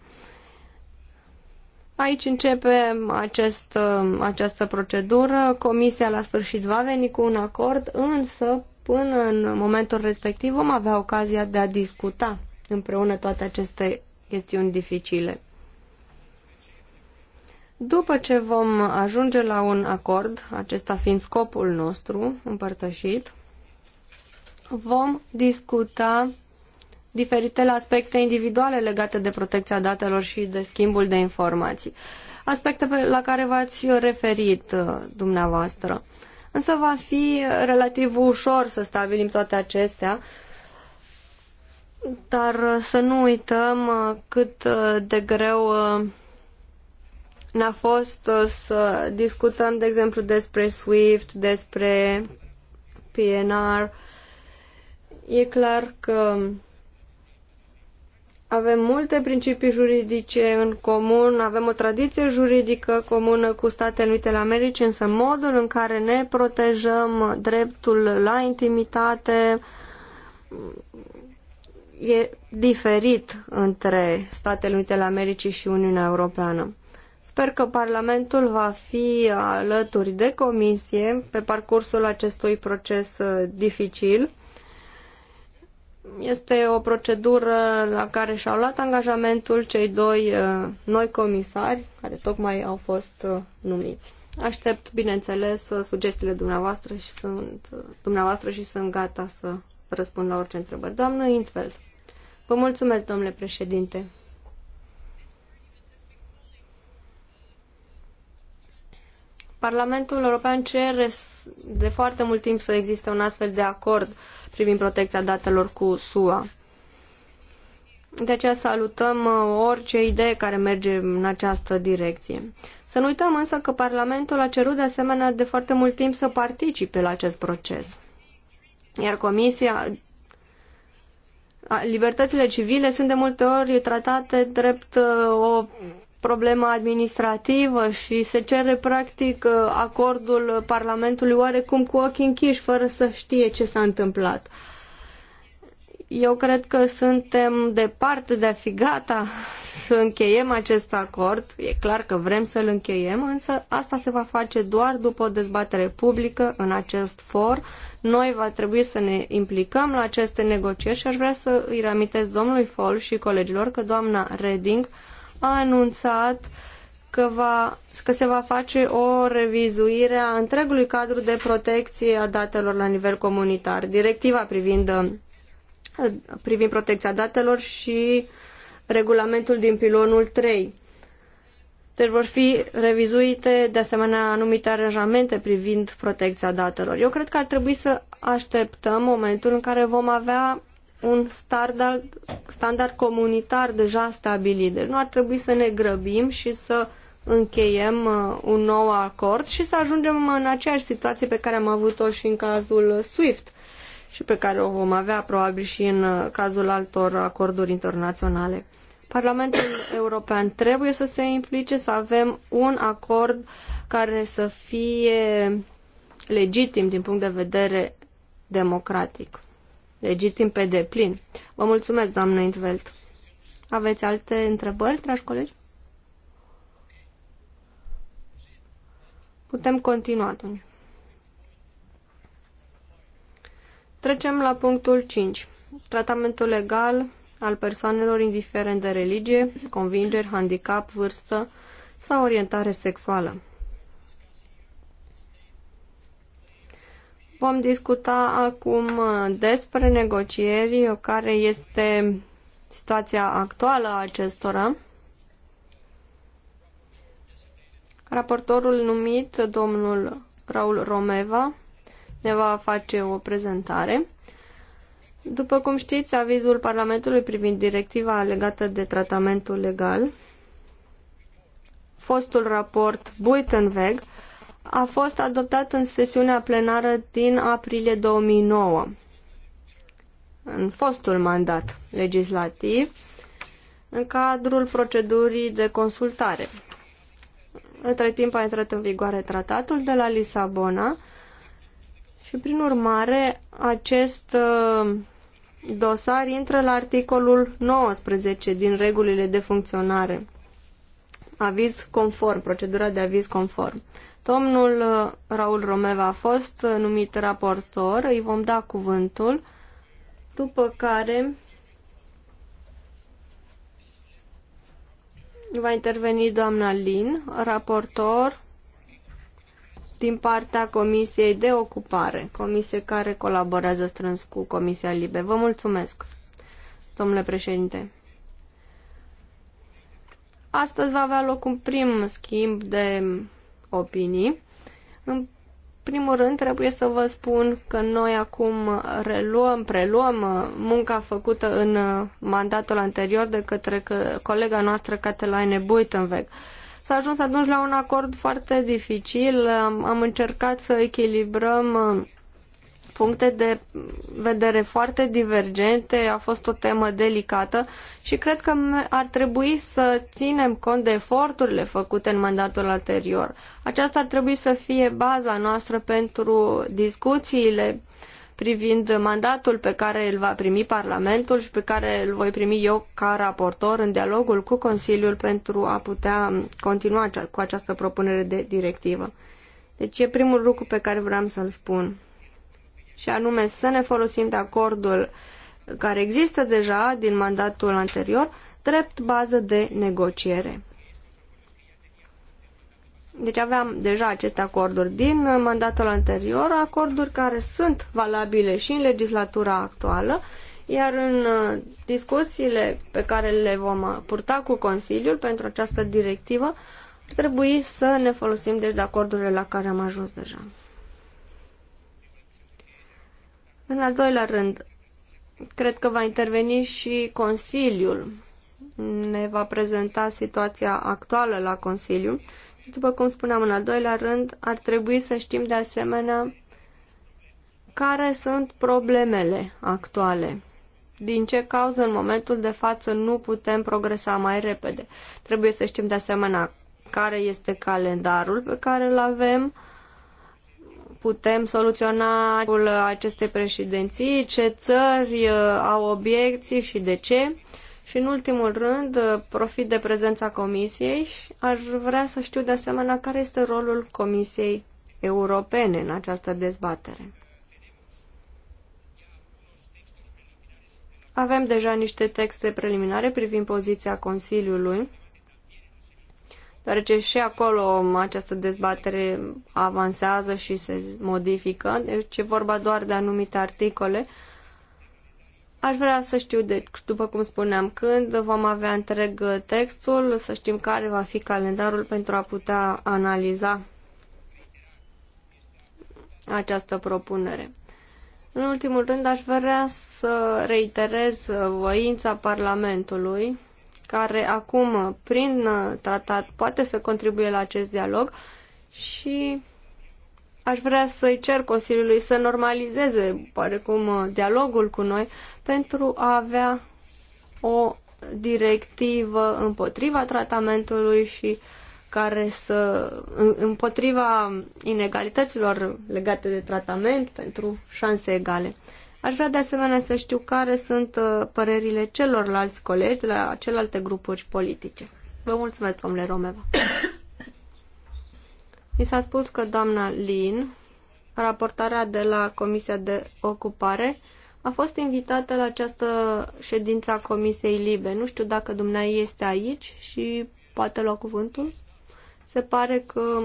Aici începe acest, um, această procedură. Comisia la sfârșit va veni cu un acord, însă până în momentul respectiv vom avea ocazia de a discuta împreună toate aceste chestiuni dificile. După ce vom ajunge la un acord, acesta fiind scopul nostru împărtășit, vom discuta diferitele aspecte individuale legate de protecția datelor și de schimbul de informații. Aspecte la care v-ați referit uh, dumneavoastră. Însă va fi relativ ușor să stabilim toate acestea, dar uh, să nu uităm uh, cât de greu ne-a fost să discutăm, de exemplu, despre SWIFT, despre PNR. E clar că avem multe principii juridice în comun, avem o tradiție juridică comună cu Statele Unite ale Americii, însă modul în care ne protejăm dreptul la intimitate e diferit între Statele Unite ale Americii și Uniunea Europeană. Sper că Parlamentul va fi alături de Comisie pe parcursul acestui proces uh, dificil este o procedură la care și-au luat angajamentul cei doi uh, noi comisari care tocmai au fost uh, numiți. Aștept, bineînțeles, uh, sugestiile dumneavoastră și sunt, dumneavoastră și sunt gata să răspund la orice întrebări. Doamnă Intveld, vă mulțumesc, domnule președinte. Parlamentul European cere de foarte mult timp să existe un astfel de acord privind protecția datelor cu SUA. De aceea salutăm uh, orice idee care merge în această direcție. Să nu uităm însă că Parlamentul a cerut de asemenea de foarte mult timp să participe la acest proces. Iar Comisia libertățile civile sunt de multe ori tratate drept uh, o problema administrativă și se cere practic uh, acordul Parlamentului oarecum cu ochii închiși, fără să știe ce s-a întâmplat. Eu cred că suntem departe de a fi gata să încheiem acest acord. E clar că vrem să-l încheiem, însă asta se va face doar după o dezbatere publică în acest for. Noi va trebui să ne implicăm la aceste negocieri și aș vrea să îi reamintesc domnului Fol și colegilor că doamna Reding a anunțat că, va, că se va face o revizuire a întregului cadru de protecție a datelor la nivel comunitar. Directiva privind, privind protecția datelor și regulamentul din pilonul 3. Deci vor fi revizuite de asemenea anumite aranjamente privind protecția datelor. Eu cred că ar trebui să așteptăm momentul în care vom avea un standard, standard comunitar deja stabilit. Deci nu ar trebui să ne grăbim și să încheiem uh, un nou acord și să ajungem în aceeași situație pe care am avut-o și în cazul SWIFT și pe care o vom avea probabil și în uh, cazul altor acorduri internaționale. Parlamentul European trebuie să se implice, să avem un acord care să fie legitim din punct de vedere democratic legitim pe deplin. Vă mulțumesc, doamnă Intveld. Aveți alte întrebări, dragi colegi? Putem continua atunci. Trecem la punctul 5. Tratamentul legal al persoanelor indiferent de religie, convingeri, handicap, vârstă sau orientare sexuală. Vom discuta acum uh, despre negocieri, uh, care este situația actuală a acestora. Raportorul numit, domnul Raul Romeva, ne va face o prezentare. După cum știți, avizul Parlamentului privind directiva legată de tratamentul legal, fostul raport Buitenweg, a fost adoptat în sesiunea plenară din aprilie 2009, în fostul mandat legislativ, în cadrul procedurii de consultare. Între timp a intrat în vigoare tratatul de la Lisabona și, prin urmare, acest uh, dosar intră la articolul 19 din regulile de funcționare aviz conform, procedura de aviz conform. Domnul uh, Raul Romeva a fost uh, numit raportor, îi vom da cuvântul, după care va interveni doamna Lin, raportor din partea Comisiei de Ocupare, comisie care colaborează strâns cu Comisia Libe. Vă mulțumesc, domnule președinte. Astăzi va avea loc un prim schimb de opinii. În primul rând, trebuie să vă spun că noi acum reluăm, preluăm munca făcută în mandatul anterior de către colega noastră, Catelaine Buitenweg. S-a ajuns atunci la un acord foarte dificil. Am încercat să echilibrăm puncte de vedere foarte divergente, a fost o temă delicată și cred că ar trebui să ținem cont de eforturile făcute în mandatul anterior. Aceasta ar trebui să fie baza noastră pentru discuțiile privind mandatul pe care îl va primi Parlamentul și pe care îl voi primi eu ca raportor în dialogul cu Consiliul pentru a putea continua cu această propunere de directivă. Deci e primul lucru pe care vreau să-l spun și anume să ne folosim de acordul care există deja din mandatul anterior drept bază de negociere. Deci aveam deja aceste acorduri din mandatul anterior, acorduri care sunt valabile și în legislatura actuală, iar în uh, discuțiile pe care le vom purta cu Consiliul pentru această directivă, ar trebui să ne folosim deci de acordurile la care am ajuns deja. În al doilea rând, cred că va interveni și Consiliul. Ne va prezenta situația actuală la Consiliu. după cum spuneam, în al doilea rând, ar trebui să știm de asemenea care sunt problemele actuale. Din ce cauză în momentul de față nu putem progresa mai repede. Trebuie să știm de asemenea care este calendarul pe care îl avem, putem soluționa acestei președinții, ce țări uh, au obiecții și de ce. Și în ultimul rând, uh, profit de prezența Comisiei și aș vrea să știu de asemenea care este rolul Comisiei Europene în această dezbatere. Avem deja niște texte preliminare privind poziția Consiliului deoarece și acolo această dezbatere avansează și se modifică, deci e vorba doar de anumite articole. Aș vrea să știu, deci, după cum spuneam, când vom avea întreg textul, să știm care va fi calendarul pentru a putea analiza această propunere. În ultimul rând, aș vrea să reiterez voința Parlamentului care acum, prin uh, tratat, poate să contribuie la acest dialog și aș vrea să-i cer Consiliului să normalizeze, oarecum, uh, dialogul cu noi pentru a avea o directivă împotriva tratamentului și care să împotriva inegalităților legate de tratament pentru șanse egale. Aș vrea de asemenea să știu care sunt uh, părerile celorlalți colegi de la celelalte grupuri politice. Vă mulțumesc, domnule Romeva. Mi s-a spus că doamna Lin, raportarea de la Comisia de Ocupare, a fost invitată la această ședință a Comisiei Libe. Nu știu dacă dumneai este aici și poate lua cuvântul. Se pare că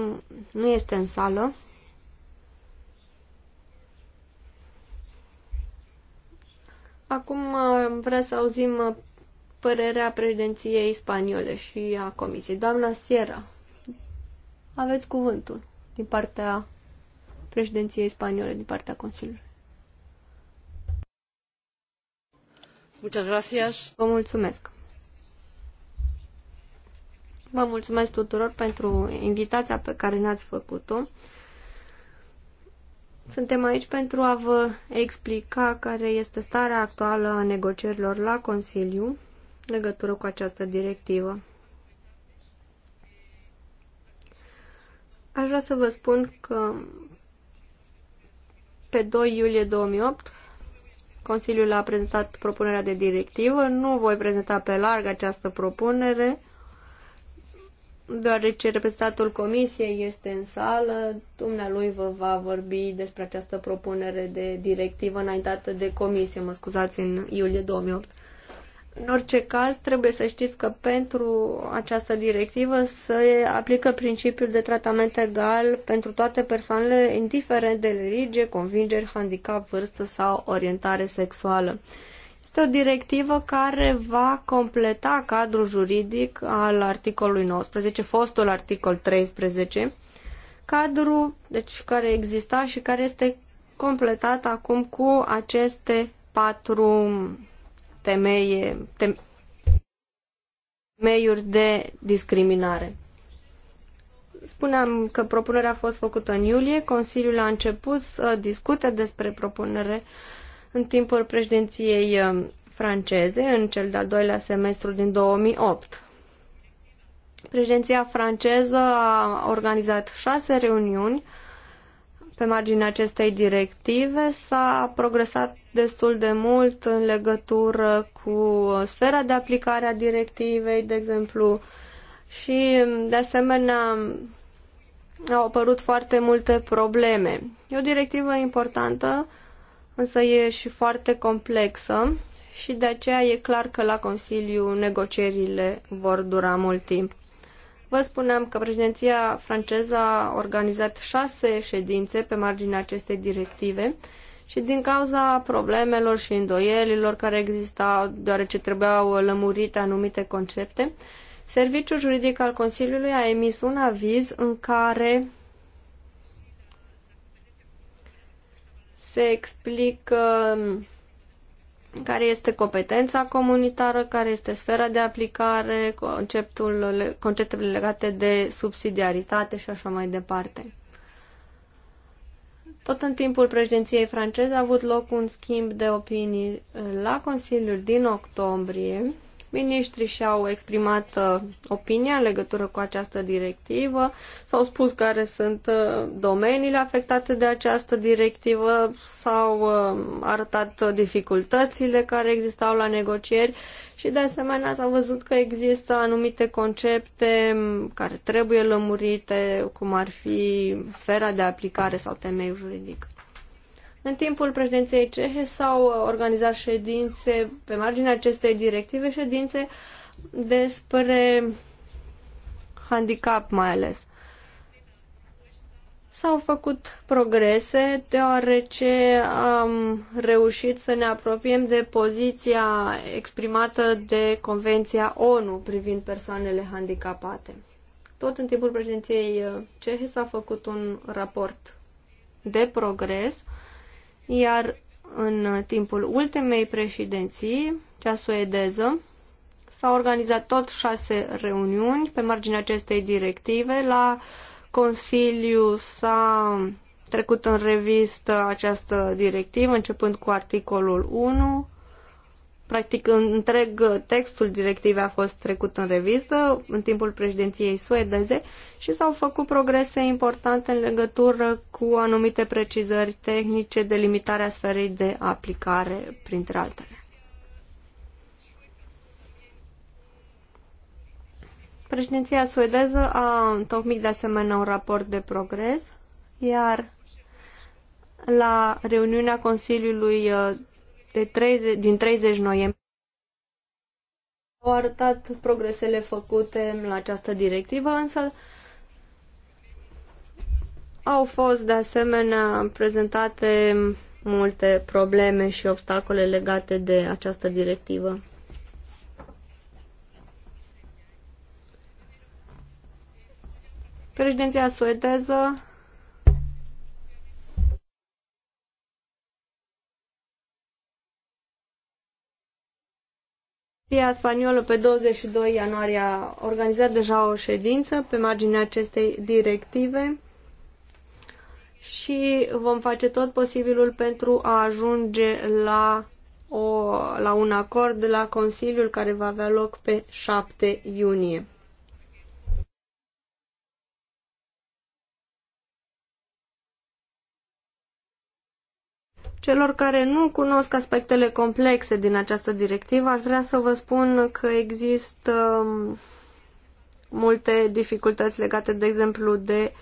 nu este în sală. Acum uh, vreau să auzim uh, părerea președinției spaniole și a comisiei. Doamna Sierra, aveți cuvântul din partea președinției spaniole, din partea Consiliului. Muchas gracias. Vă mulțumesc. Vă mulțumesc tuturor pentru invitația pe care ne-ați făcut-o. Suntem aici pentru a vă explica care este starea actuală a negocierilor la Consiliu în legătură cu această directivă. Aș vrea să vă spun că pe 2 iulie 2008 Consiliul a prezentat propunerea de directivă. Nu voi prezenta pe larg această propunere deoarece reprezentantul comisiei este în sală, dumnealui vă va vorbi despre această propunere de directivă înaintată de comisie, mă scuzați, în iulie 2008. În orice caz, trebuie să știți că pentru această directivă se aplică principiul de tratament egal pentru toate persoanele, indiferent de religie, convingeri, handicap, vârstă sau orientare sexuală. Este o directivă care va completa cadrul juridic al articolului 19, fostul articol 13, cadru deci, care exista și care este completat acum cu aceste patru temeie, temeiuri de discriminare. Spuneam că propunerea a fost făcută în iulie, Consiliul a început să discute despre propunere uh, în timpul președinției um, franceze, în cel de-al doilea semestru din 2008. Președinția franceză a organizat șase reuniuni pe marginea acestei directive. S-a progresat destul de mult în legătură cu uh, sfera de aplicare a directivei, de exemplu, și, um, de asemenea, au apărut foarte multe probleme. E o directivă importantă însă e și foarte complexă și de aceea e clar că la Consiliu negocierile vor dura mult timp. Vă spuneam că președinția franceză a organizat șase ședințe pe marginea acestei directive și din cauza problemelor și îndoielilor care existau, deoarece trebuiau lămurite anumite concepte, Serviciul Juridic al Consiliului a emis un aviz în care se explică care este competența comunitară, care este sfera de aplicare, conceptul, conceptele legate de subsidiaritate și așa mai departe. Tot în timpul președinției franceze a avut loc un schimb de opinii la Consiliul din octombrie Ministrii și-au exprimat uh, opinia în legătură cu această directivă, s-au spus care sunt uh, domeniile afectate de această directivă, s-au uh, arătat dificultățile care existau la negocieri și de asemenea s au văzut că există anumite concepte care trebuie lămurite, cum ar fi sfera de aplicare sau temei juridic. În timpul președinției cehe s-au organizat ședințe pe marginea acestei directive, ședințe despre handicap mai ales. S-au făcut progrese deoarece am reușit să ne apropiem de poziția exprimată de Convenția ONU privind persoanele handicapate. Tot în timpul președinției cehe s-a făcut un raport de progres iar în timpul ultimei președinții, cea suedeză, s-au organizat tot șase reuniuni pe marginea acestei directive. La Consiliu s-a trecut în revistă această directivă, începând cu articolul 1, Practic, întreg textul directivei a fost trecut în revistă în timpul președinției suedeze și s-au făcut progrese importante în legătură cu anumite precizări tehnice, de limitarea sferei de aplicare, printre altele. Președinția suedeză a întocmit de asemenea un raport de progres, iar la reuniunea Consiliului uh, de 30, din 30 noiembrie au arătat progresele făcute la această directivă, însă au fost de asemenea prezentate multe probleme și obstacole legate de această directivă. Președinția suedeză Președinția spaniolă pe 22 ianuarie a organizat deja o ședință pe marginea acestei directive și vom face tot posibilul pentru a ajunge la, o, la un acord la Consiliul care va avea loc pe 7 iunie. Celor care nu cunosc aspectele complexe din această directivă, aș vrea să vă spun că există um, multe dificultăți legate, de exemplu, de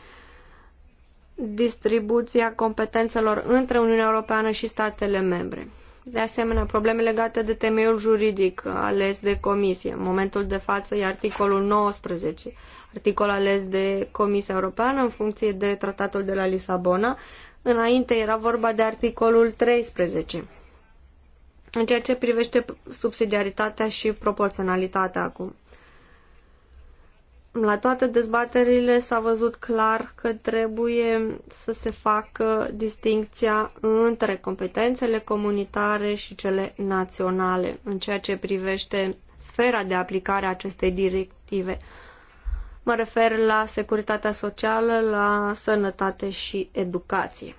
distribuția competențelor între Uniunea Europeană și statele membre. De asemenea, probleme legate de temeiul juridic ales de comisie. În momentul de față e articolul 19, articol ales de Comisia Europeană în funcție de tratatul de la Lisabona, Înainte era vorba de articolul 13. În ceea ce privește subsidiaritatea și proporționalitatea acum. La toate dezbaterile s-a văzut clar că trebuie să se facă distincția între competențele comunitare și cele naționale în ceea ce privește sfera de aplicare a acestei directive. Mă refer la securitatea socială, la sănătate și educație.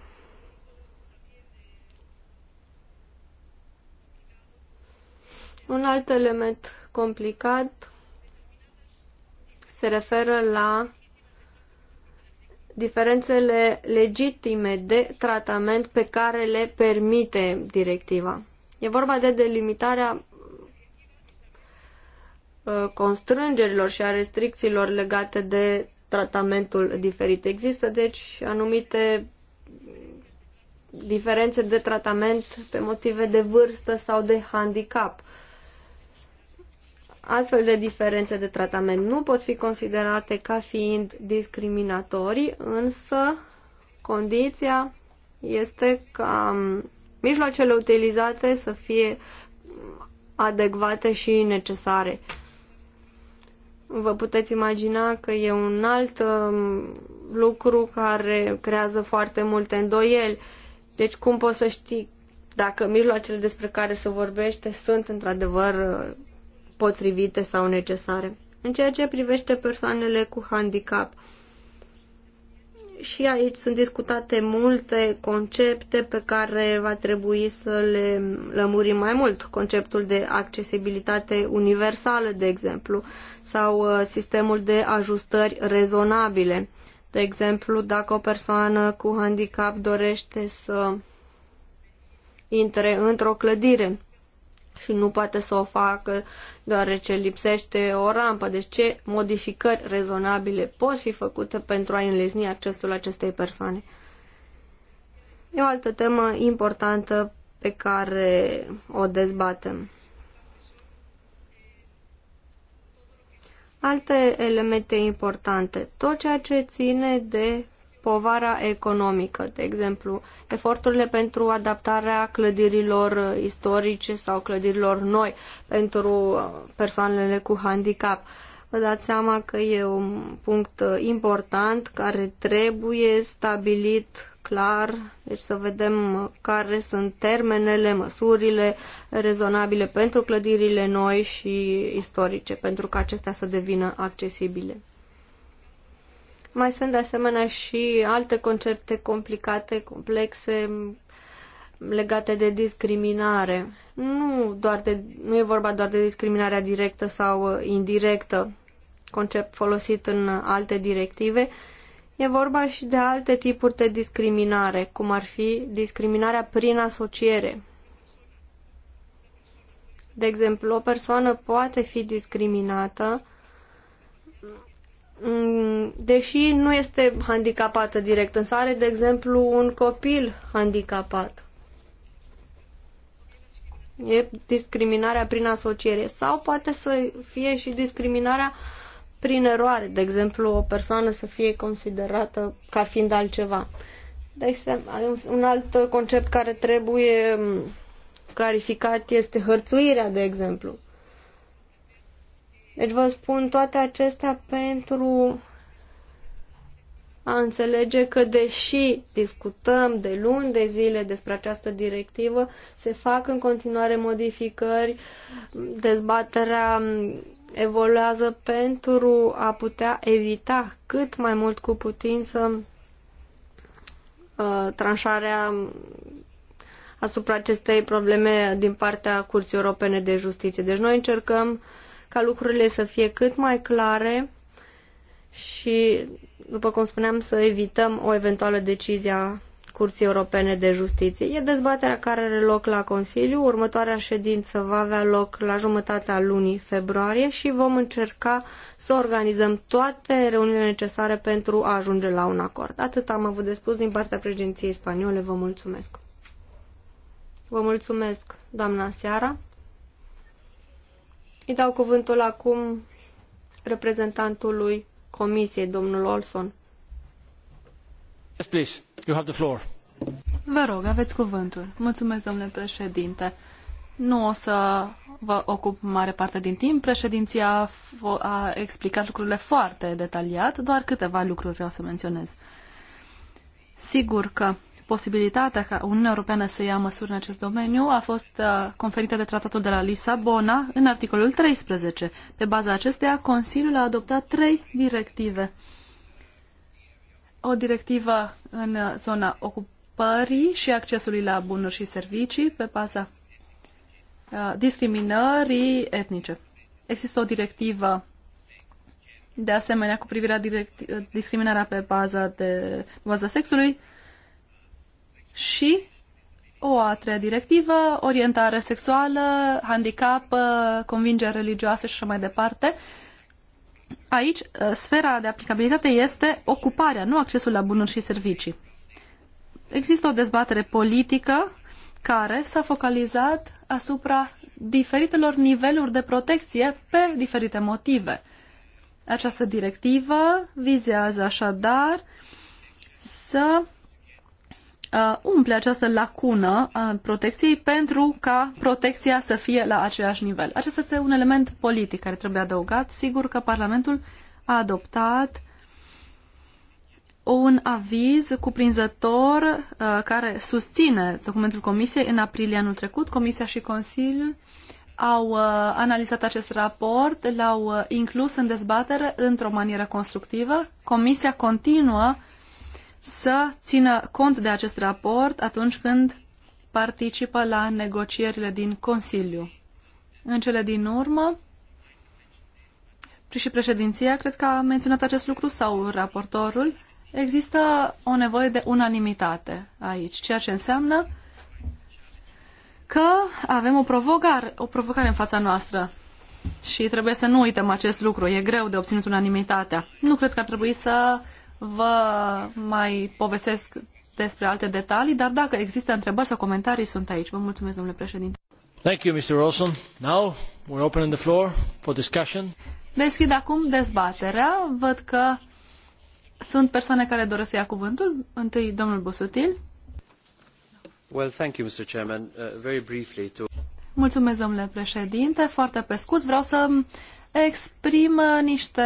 Un alt element complicat se referă la diferențele legitime de tratament pe care le permite directiva. E vorba de delimitarea Uh, constrângerilor și a restricțiilor legate de tratamentul diferit. Există, deci, anumite diferențe de tratament pe motive de vârstă sau de handicap. Astfel de diferențe de tratament nu pot fi considerate ca fiind discriminatorii, însă condiția este ca mijloacele utilizate să fie adecvate și necesare. Vă puteți imagina că e un alt um, lucru care creează foarte multe îndoieli. Deci cum poți să știi dacă mijloacele despre care se vorbește sunt într-adevăr uh, potrivite sau necesare? În ceea ce privește persoanele cu handicap, uh, și aici sunt discutate multe concepte pe care va trebui să le lămurim mai mult. Conceptul de accesibilitate universală, de exemplu, sau uh, sistemul de ajustări rezonabile. De exemplu, dacă o persoană cu handicap dorește să intre într-o clădire, și nu poate să o facă deoarece lipsește o rampă. Deci ce modificări rezonabile pot fi făcute pentru a înlesni accesul acestei persoane? E o altă temă importantă pe care o dezbatem. Alte elemente importante. Tot ceea ce ține de povara economică, de exemplu, eforturile pentru adaptarea clădirilor istorice sau clădirilor noi pentru uh, persoanele cu handicap. Vă dați seama că e un punct uh, important care trebuie stabilit clar, deci să vedem uh, care sunt termenele, măsurile rezonabile pentru clădirile noi și istorice, pentru ca acestea să devină accesibile. Mai sunt de asemenea și alte concepte complicate, complexe, legate de discriminare. Nu, doar de, nu e vorba doar de discriminarea directă sau uh, indirectă, concept folosit în alte directive, e vorba și de alte tipuri de discriminare, cum ar fi discriminarea prin asociere. De exemplu, o persoană poate fi discriminată Mm, deși nu este handicapată direct, însă are, de exemplu, un copil handicapat. E discriminarea prin asociere sau poate să fie și discriminarea prin eroare, de exemplu, o persoană să fie considerată ca fiind altceva. Deci, un alt concept care trebuie mm, clarificat este hărțuirea, de exemplu. Deci vă spun toate acestea pentru a înțelege că deși discutăm de luni de zile despre această directivă, se fac în continuare modificări, dezbaterea evoluează pentru a putea evita cât mai mult cu putință uh, tranșarea asupra acestei probleme din partea Curții Europene de Justiție. Deci noi încercăm uh, ca lucrurile să fie cât mai clare și, după cum spuneam, să evităm o eventuală decizie a Curții Europene de Justiție. E dezbaterea care are loc la Consiliu. Următoarea ședință va avea loc la jumătatea lunii februarie și vom încerca să organizăm toate reuniunile necesare pentru a ajunge la un acord. Atât am avut de spus din partea președinției spaniole. Vă mulțumesc! Vă mulțumesc, doamna Seara! Îi dau cuvântul acum reprezentantului Comisiei, domnul Olson. Yes, please. You have the floor. Vă rog, aveți cuvântul. Mulțumesc, domnule președinte. Nu o să vă ocup mare parte din timp. Președinția a explicat lucrurile foarte detaliat, doar câteva lucruri vreau să menționez. Sigur că posibilitatea ca Uniunea Europeană să ia măsuri în acest domeniu a fost uh, conferită de Tratatul de la Lisabona în articolul 13. Pe baza acesteia, Consiliul a adoptat trei directive. O directivă în zona ocupării și accesului la bunuri și servicii pe baza uh, discriminării etnice. Există o directivă de asemenea cu privire la uh, discriminarea pe baza, de, baza sexului, și o a treia directivă, orientare sexuală, handicap, ă, convingere religioase și așa mai departe. Aici, ă, sfera de aplicabilitate este ocuparea, nu accesul la bunuri și servicii. Există o dezbatere politică care s-a focalizat asupra diferitelor niveluri de protecție pe diferite motive. Această directivă vizează așadar să Uh, umple această lacună a protecției pentru ca protecția să fie la același nivel. Acesta este un element politic care trebuie adăugat. Sigur că Parlamentul a adoptat un aviz cuprinzător uh, care susține documentul Comisiei în aprilie anul trecut. Comisia și Consiliul au uh, analizat acest raport, l-au inclus în dezbatere într-o manieră constructivă. Comisia continuă să țină cont de acest raport atunci când participă la negocierile din Consiliu. În cele din urmă, și președinția, cred că a menționat acest lucru, sau raportorul, există o nevoie de unanimitate aici, ceea ce înseamnă că avem o provocare, o provocare în fața noastră. Și trebuie să nu uităm acest lucru. E greu de obținut unanimitatea. Nu cred că ar trebui să vă mai povestesc despre alte detalii, dar dacă există întrebări sau comentarii, sunt aici. Vă mulțumesc, domnule președinte. Thank you, Mr. Olson. Now we're opening the floor for discussion. Deschid acum dezbaterea. Văd că sunt persoane care doresc să ia cuvântul. Întâi, domnul Busutil. Well, thank you, Mr. Chairman. Uh, very briefly to... Mulțumesc, domnule președinte. Foarte pe scurt, vreau să exprimă niște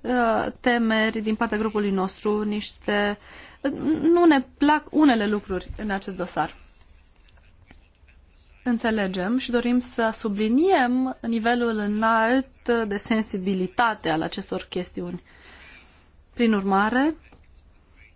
uh, temeri din partea grupului nostru, niște... Nu ne plac unele lucruri în acest dosar. Înțelegem și dorim să subliniem nivelul înalt de sensibilitate al acestor chestiuni. Prin urmare,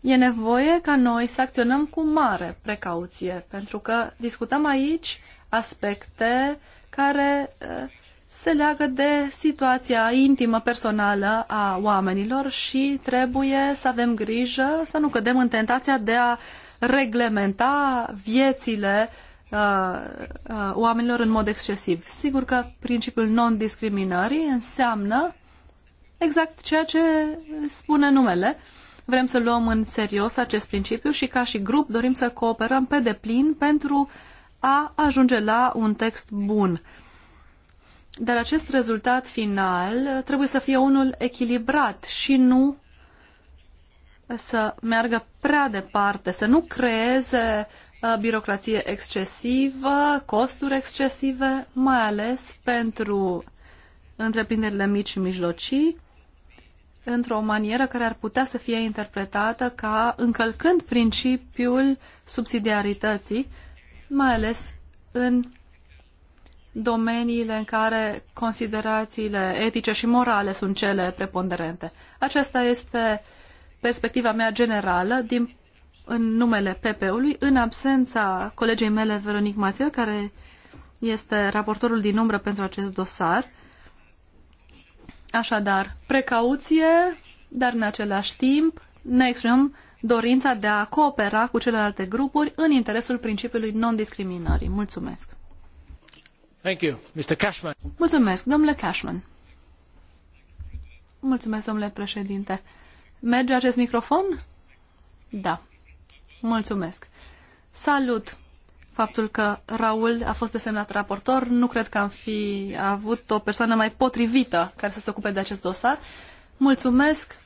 e nevoie ca noi să acționăm cu mare precauție, pentru că discutăm aici aspecte care uh, se leagă de situația intimă, personală a oamenilor și trebuie să avem grijă să nu cădem în tentația de a reglementa viețile uh, uh, oamenilor în mod excesiv. Sigur că principiul non-discriminării înseamnă exact ceea ce spune numele. Vrem să luăm în serios acest principiu și ca și grup dorim să cooperăm pe deplin pentru a ajunge la un text bun dar acest rezultat final trebuie să fie unul echilibrat și nu să meargă prea departe, să nu creeze uh, birocrație excesivă, costuri excesive, mai ales pentru întreprinderile mici și mijlocii, într-o manieră care ar putea să fie interpretată ca încălcând principiul subsidiarității, mai ales în domeniile în care considerațiile etice și morale sunt cele preponderente. Aceasta este perspectiva mea generală din, în numele PP-ului, în absența colegei mele, Veronique Mathieu, care este raportorul din umbră pentru acest dosar. Așadar, precauție, dar în același timp ne exprimăm dorința de a coopera cu celelalte grupuri în interesul principiului non-discriminării. Mulțumesc! Mulțumesc, domnule Cashman. Mulțumesc, domnule președinte. Merge acest microfon? Da. Mulțumesc. Salut faptul că Raul a fost desemnat raportor. Nu cred că am fi avut o persoană mai potrivită care să se ocupe de acest dosar. Mulțumesc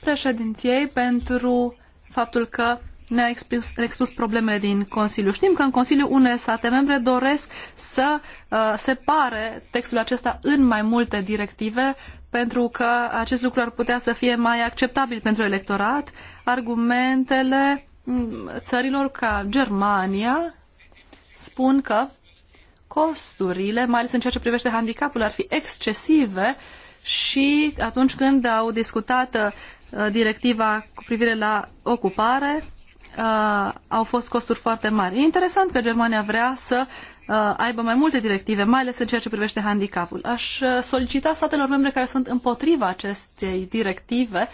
președinției pentru faptul că ne-a expus, expus problemele din Consiliu. Știm că în Consiliu unele state membre doresc să uh, separe textul acesta în mai multe directive pentru că acest lucru ar putea să fie mai acceptabil pentru electorat. Argumentele mm, țărilor ca Germania spun că costurile, mai ales în ceea ce privește handicapul, ar fi excesive și atunci când au discutat uh, directiva cu privire la ocupare, uh, au fost costuri foarte mari. E interesant că Germania vrea să uh, aibă mai multe directive, mai ales în ceea ce privește handicapul. Aș uh, solicita statelor membre care sunt împotriva acestei directive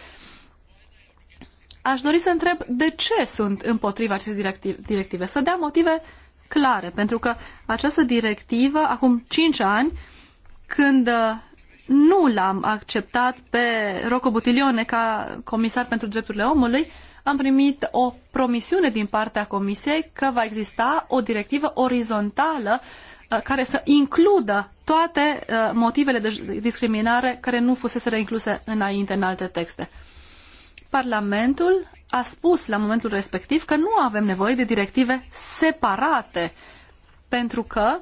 Aș dori să întreb de ce sunt împotriva acestei directive. Să dea motive clare, pentru că această directivă, acum 5 ani, când uh, nu l-am acceptat pe Rocco Butilione ca comisar pentru drepturile omului, am primit o promisiune din partea Comisiei că va exista o directivă orizontală uh, care să includă toate uh, motivele de discriminare care nu fusese incluse înainte în alte texte. Parlamentul a spus la momentul respectiv că nu avem nevoie de directive separate pentru că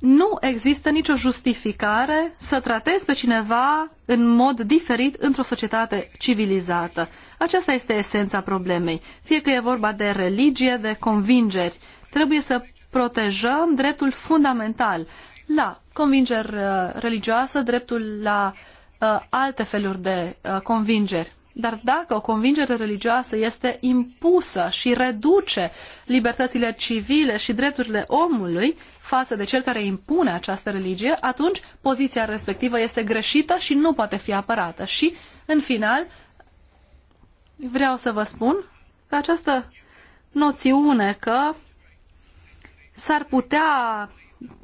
nu există nicio justificare să tratezi pe cineva în mod diferit într-o societate civilizată. Aceasta este esența problemei. Fie că e vorba de religie, de convingeri, trebuie să protejăm dreptul fundamental la convingeri uh, religioasă, dreptul la uh, alte feluri de uh, convingeri. Dar dacă o convingere religioasă este impusă și reduce libertățile civile și drepturile omului, față de cel care impune această religie, atunci poziția respectivă este greșită și nu poate fi apărată. Și, în final, vreau să vă spun că această noțiune că s-ar putea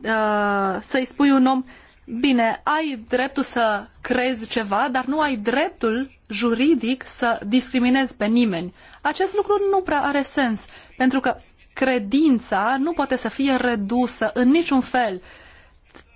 uh, să-i spui un om Bine, ai dreptul să crezi ceva, dar nu ai dreptul juridic să discriminezi pe nimeni. Acest lucru nu prea are sens, pentru că credința nu poate să fie redusă în niciun fel.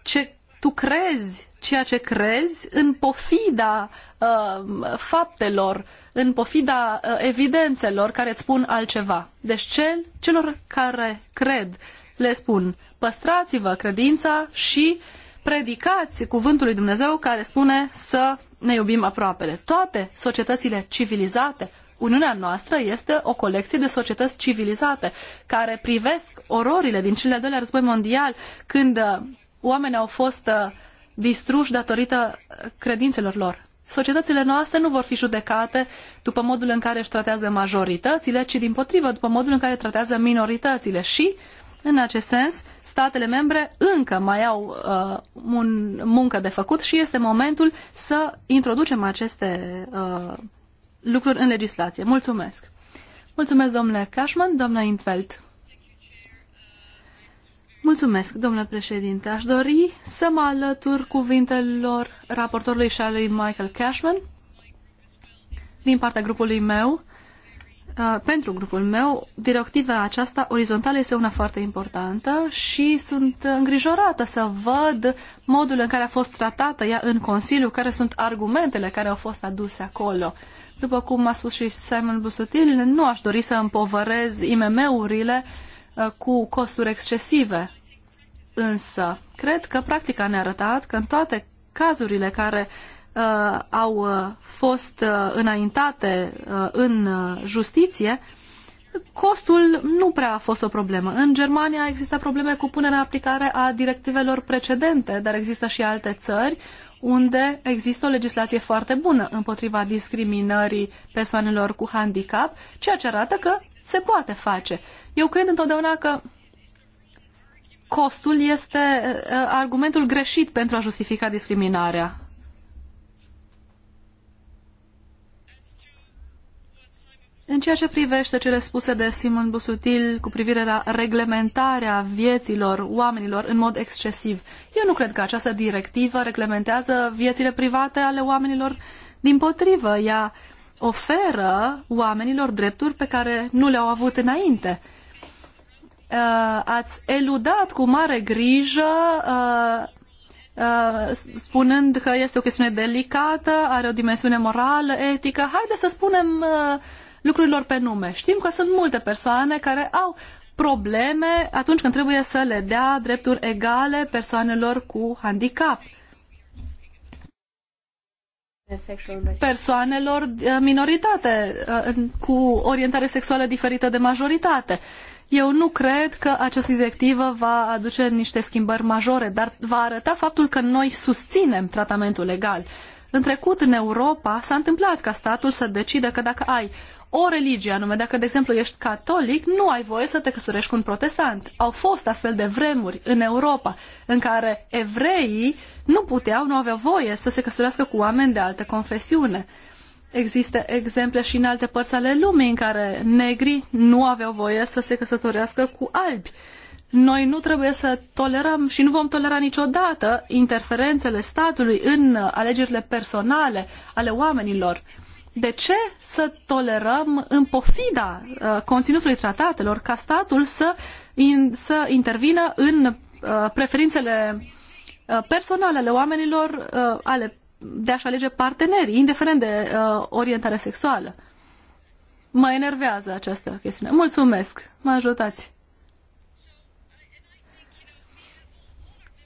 Ce tu crezi, ceea ce crezi, în pofida uh, faptelor, în pofida uh, evidențelor care îți spun altceva. Deci cel, celor care cred le spun, păstrați-vă credința și predicați cuvântul lui Dumnezeu care spune să ne iubim aproapele. Toate societățile civilizate Uniunea noastră este o colecție de societăți civilizate care privesc ororile din cel de-al doilea război mondial când uh, oamenii au fost uh, distruși datorită uh, credințelor lor. Societățile noastre nu vor fi judecate după modul în care își tratează majoritățile, ci din potrivă după modul în care tratează minoritățile și în acest sens, statele membre încă mai au uh, un muncă de făcut și este momentul să introducem aceste uh, lucruri în legislație. Mulțumesc! Mulțumesc, domnule Cashman, doamna Intveld. Mulțumesc, domnule președinte. Aș dori să mă alătur cuvintelor raportorului și al lui Michael Cashman din partea grupului meu. Uh, pentru grupul meu, directiva aceasta orizontală este una foarte importantă și sunt îngrijorată să văd modul în care a fost tratată ea în Consiliu, care sunt argumentele care au fost aduse acolo. După cum a spus și Simon Busutil, nu aș dori să împovărez IMM-urile uh, cu costuri excesive. Însă, cred că practica ne-a arătat că în toate cazurile care uh, au uh, fost uh, înaintate uh, în uh, justiție, costul nu prea a fost o problemă. În Germania există probleme cu punerea în aplicare a directivelor precedente, dar există și alte țări unde există o legislație foarte bună împotriva discriminării persoanelor cu handicap, ceea ce arată că se poate face. Eu cred întotdeauna că costul este uh, argumentul greșit pentru a justifica discriminarea. În ceea ce privește cele spuse de Simon Busutil cu privire la reglementarea vieților oamenilor în mod excesiv, eu nu cred că această directivă reglementează viețile private ale oamenilor. Din potrivă, ea oferă oamenilor drepturi pe care nu le-au avut înainte. Uh, ați eludat cu mare grijă uh, uh, spunând că este o chestiune delicată, are o dimensiune morală, etică. Haideți să spunem lucrurilor pe nume. Știm că sunt multe persoane care au probleme atunci când trebuie să le dea drepturi egale persoanelor cu handicap persoanelor eh, minoritate eh, cu orientare sexuală diferită de majoritate. Eu nu cred că această directivă va aduce niște schimbări majore, dar va arăta faptul că noi susținem tratamentul legal. În trecut, în Europa, s-a întâmplat ca statul să decide că dacă ai o religie anume. Dacă, de exemplu, ești catolic, nu ai voie să te căsătorești cu un protestant. Au fost astfel de vremuri în Europa în care evreii nu puteau, nu aveau voie să se căsătorească cu oameni de altă confesiune. Există exemple și în alte părți ale lumii în care negri nu aveau voie să se căsătorească cu albi. Noi nu trebuie să tolerăm și nu vom tolera niciodată interferențele statului în alegerile personale ale oamenilor de ce să tolerăm, în pofida uh, conținutului tratatelor, ca statul să, in, să intervină în uh, preferințele uh, personale ale oamenilor uh, ale, de a-și alege partenerii, indiferent de uh, orientare sexuală? Mă enervează această chestiune. Mulțumesc, mă ajutați.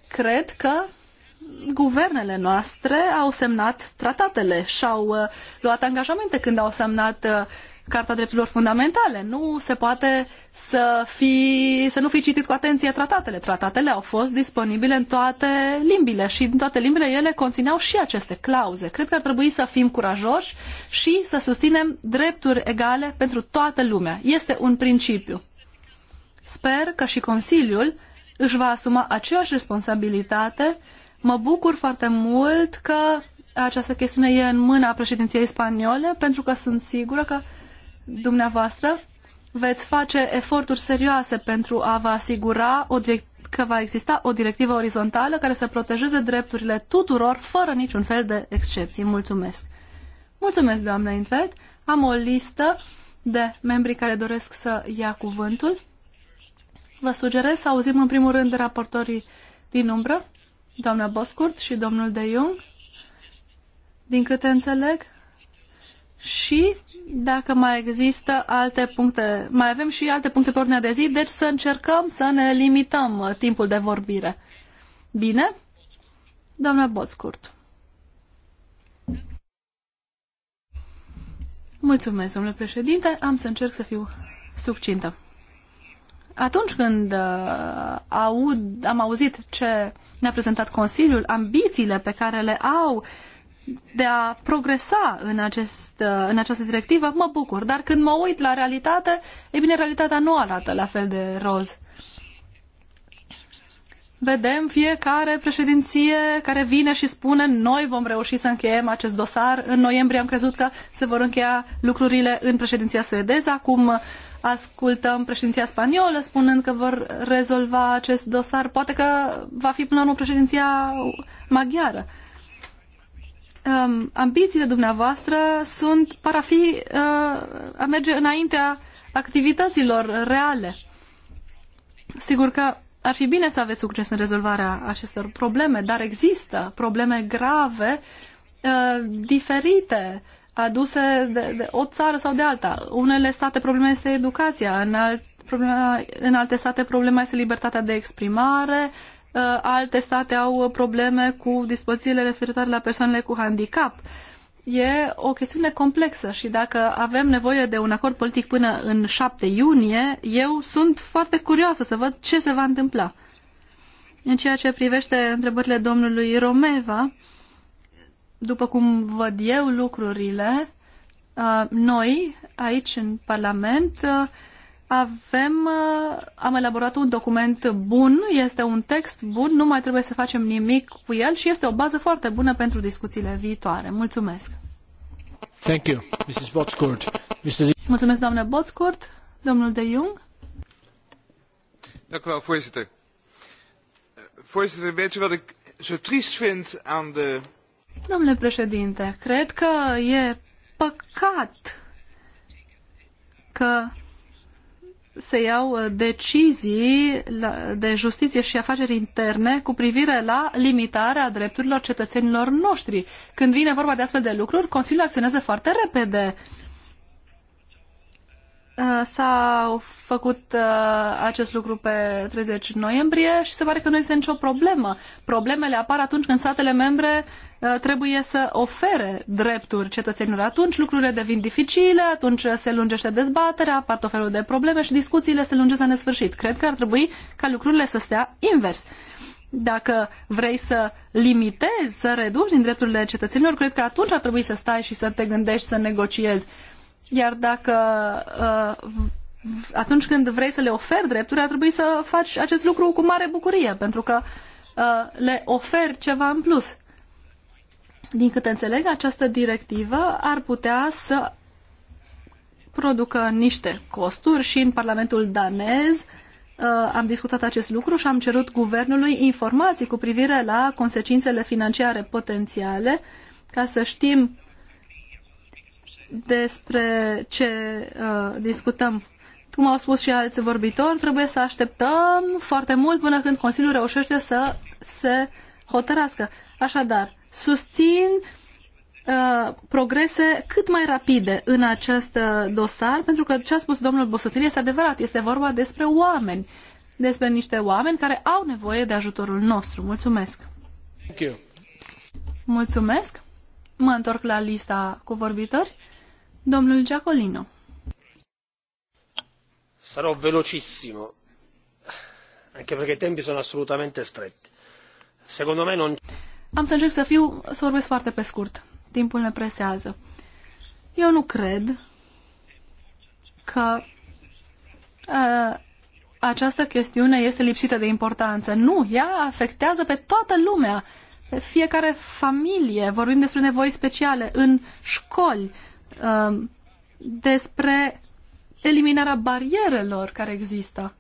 Cred că guvernele noastre au semnat tratatele și au uh, luat angajamente când au semnat uh, Carta Drepturilor Fundamentale. Nu se poate să, fi, să nu fi citit cu atenție tratatele. Tratatele au fost disponibile în toate limbile și în toate limbile ele conțineau și aceste clauze. Cred că ar trebui să fim curajoși și să susținem drepturi egale pentru toată lumea. Este un principiu. Sper că și Consiliul își va asuma aceeași responsabilitate Mă bucur foarte mult că această chestiune e în mâna președinției spaniole, pentru că sunt sigură că dumneavoastră veți face eforturi serioase pentru a vă asigura o direct- că va exista o directivă orizontală care să protejeze drepturile tuturor, fără niciun fel de excepții. Mulțumesc! Mulțumesc, doamna Intveld! Am o listă de membri care doresc să ia cuvântul. Vă sugerez să auzim în primul rând raportorii din umbră, doamna Boscurt și domnul De Jung? din câte înțeleg. Și dacă mai există alte puncte, mai avem și alte puncte pe ordinea de zi, deci să încercăm să ne limităm uh, timpul de vorbire. Bine? Doamna Boscurt. Mulțumesc, domnule președinte. Am să încerc să fiu succintă atunci când uh, aud, am auzit ce ne-a prezentat Consiliul, ambițiile pe care le au de a progresa în, acest, uh, în această directivă, mă bucur. Dar când mă uit la realitate, e bine, realitatea nu arată la fel de roz. Uh, vedem fiecare președinție care vine și spune noi vom reuși să încheiem acest dosar. În noiembrie am crezut că se vor încheia lucrurile în președinția suedeză. Acum ascultăm președinția spaniolă spunând că vor rezolva acest dosar. Poate că va fi până la urmă președinția maghiară. Um, ambițiile dumneavoastră sunt, par a fi, uh, a merge înaintea activităților reale. Sigur că ar fi bine să aveți succes în rezolvarea acestor probleme, dar există probleme grave, uh, diferite, aduse de, de o țară sau de alta. Unele state problema este educația, în, alt, problema, în alte state problema este libertatea de exprimare, uh, alte state au probleme cu dispozițiile referitoare la persoanele cu handicap e o chestiune complexă și dacă avem nevoie de un acord politic până în 7 iunie, eu sunt foarte curioasă să văd ce se va întâmpla. În ceea ce privește întrebările domnului Romeva, după cum văd eu lucrurile, uh, noi aici în Parlament uh, avem, uh, am elaborat un document bun, este un text bun, nu mai trebuie să facem nimic cu el și este o bază foarte bună pentru discuțiile viitoare. Mulțumesc! Thank you, Mrs. Botscourt. Mr. Mulțumesc, doamnă Botscourt. Domnul De Jung. Dank u wel, voorzitter. Voorzitter, weet u wat ik zo triest vind aan de... Domnule președinte, cred că e păcat că se iau uh, decizii de justiție și afaceri interne cu privire la limitarea drepturilor cetățenilor noștri. Când vine vorba de astfel de lucruri, Consiliul acționează foarte repede. Uh, s-a făcut uh, acest lucru pe 30 noiembrie și se pare că nu este nicio problemă. Problemele apar atunci când statele membre uh, trebuie să ofere drepturi cetățenilor. Atunci lucrurile devin dificile, atunci se lungește dezbaterea, apar tot felul de probleme și discuțiile se lungesc la nesfârșit. Cred că ar trebui ca lucrurile să stea invers. Dacă vrei să limitezi, să reduci din drepturile cetățenilor, cred că atunci ar trebui să stai și să te gândești, să negociezi. Iar dacă uh, atunci când vrei să le oferi drepturi, ar trebui să faci acest lucru cu mare bucurie, pentru că uh, le oferi ceva în plus. Din câte înțeleg, această directivă ar putea să producă niște costuri și în Parlamentul danez uh, am discutat acest lucru și am cerut guvernului informații cu privire la consecințele financiare potențiale ca să știm despre ce uh, discutăm. Cum au spus și alți vorbitori, trebuie să așteptăm foarte mult până când Consiliul reușește să se hotărască. Așadar, susțin uh, progrese cât mai rapide în acest uh, dosar, pentru că ce a spus domnul Bosutil este adevărat, este vorba despre oameni, despre niște oameni care au nevoie de ajutorul nostru. Mulțumesc! Mulțumesc! Mă întorc la lista cu vorbitori. Domnul Giacolino. Sarò velocissimo, anche perché i tempi sono assolutamente stretti. Secondo me non... Am să încerc să fiu, să vorbesc foarte pe scurt. Timpul ne presează. Eu nu cred că a, ă, această chestiune este lipsită de importanță. Nu, ea afectează pe toată lumea, pe fiecare familie. Vorbim despre nevoi speciale în școli, Um, despre eliminarea barierelor care există.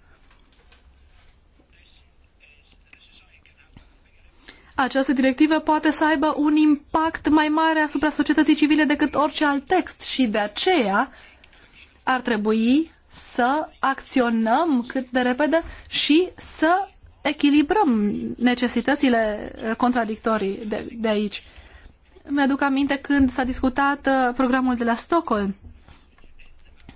Această directivă poate să aibă un impact mai mare asupra societății civile decât orice alt text și de aceea ar trebui să acționăm cât de repede și să echilibrăm necesitățile contradictorii de, de aici mi-aduc aminte când s-a discutat uh, programul de la Stockholm.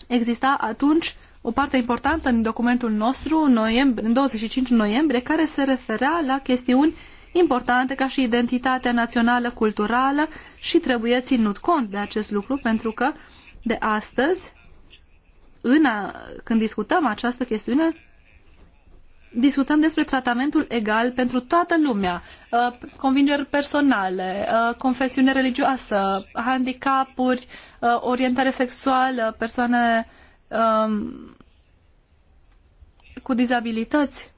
Exista atunci o parte importantă în documentul nostru, în, noiembrie, în 25 noiembrie, care se referea la chestiuni importante ca și identitatea națională, culturală și trebuie ținut cont de acest lucru pentru că de astăzi, în a, când discutăm această chestiune, discutăm despre tratamentul egal pentru toată lumea, uh, convingeri personale, uh, confesiune religioasă, handicapuri, uh, orientare sexuală, persoane um, cu dizabilități.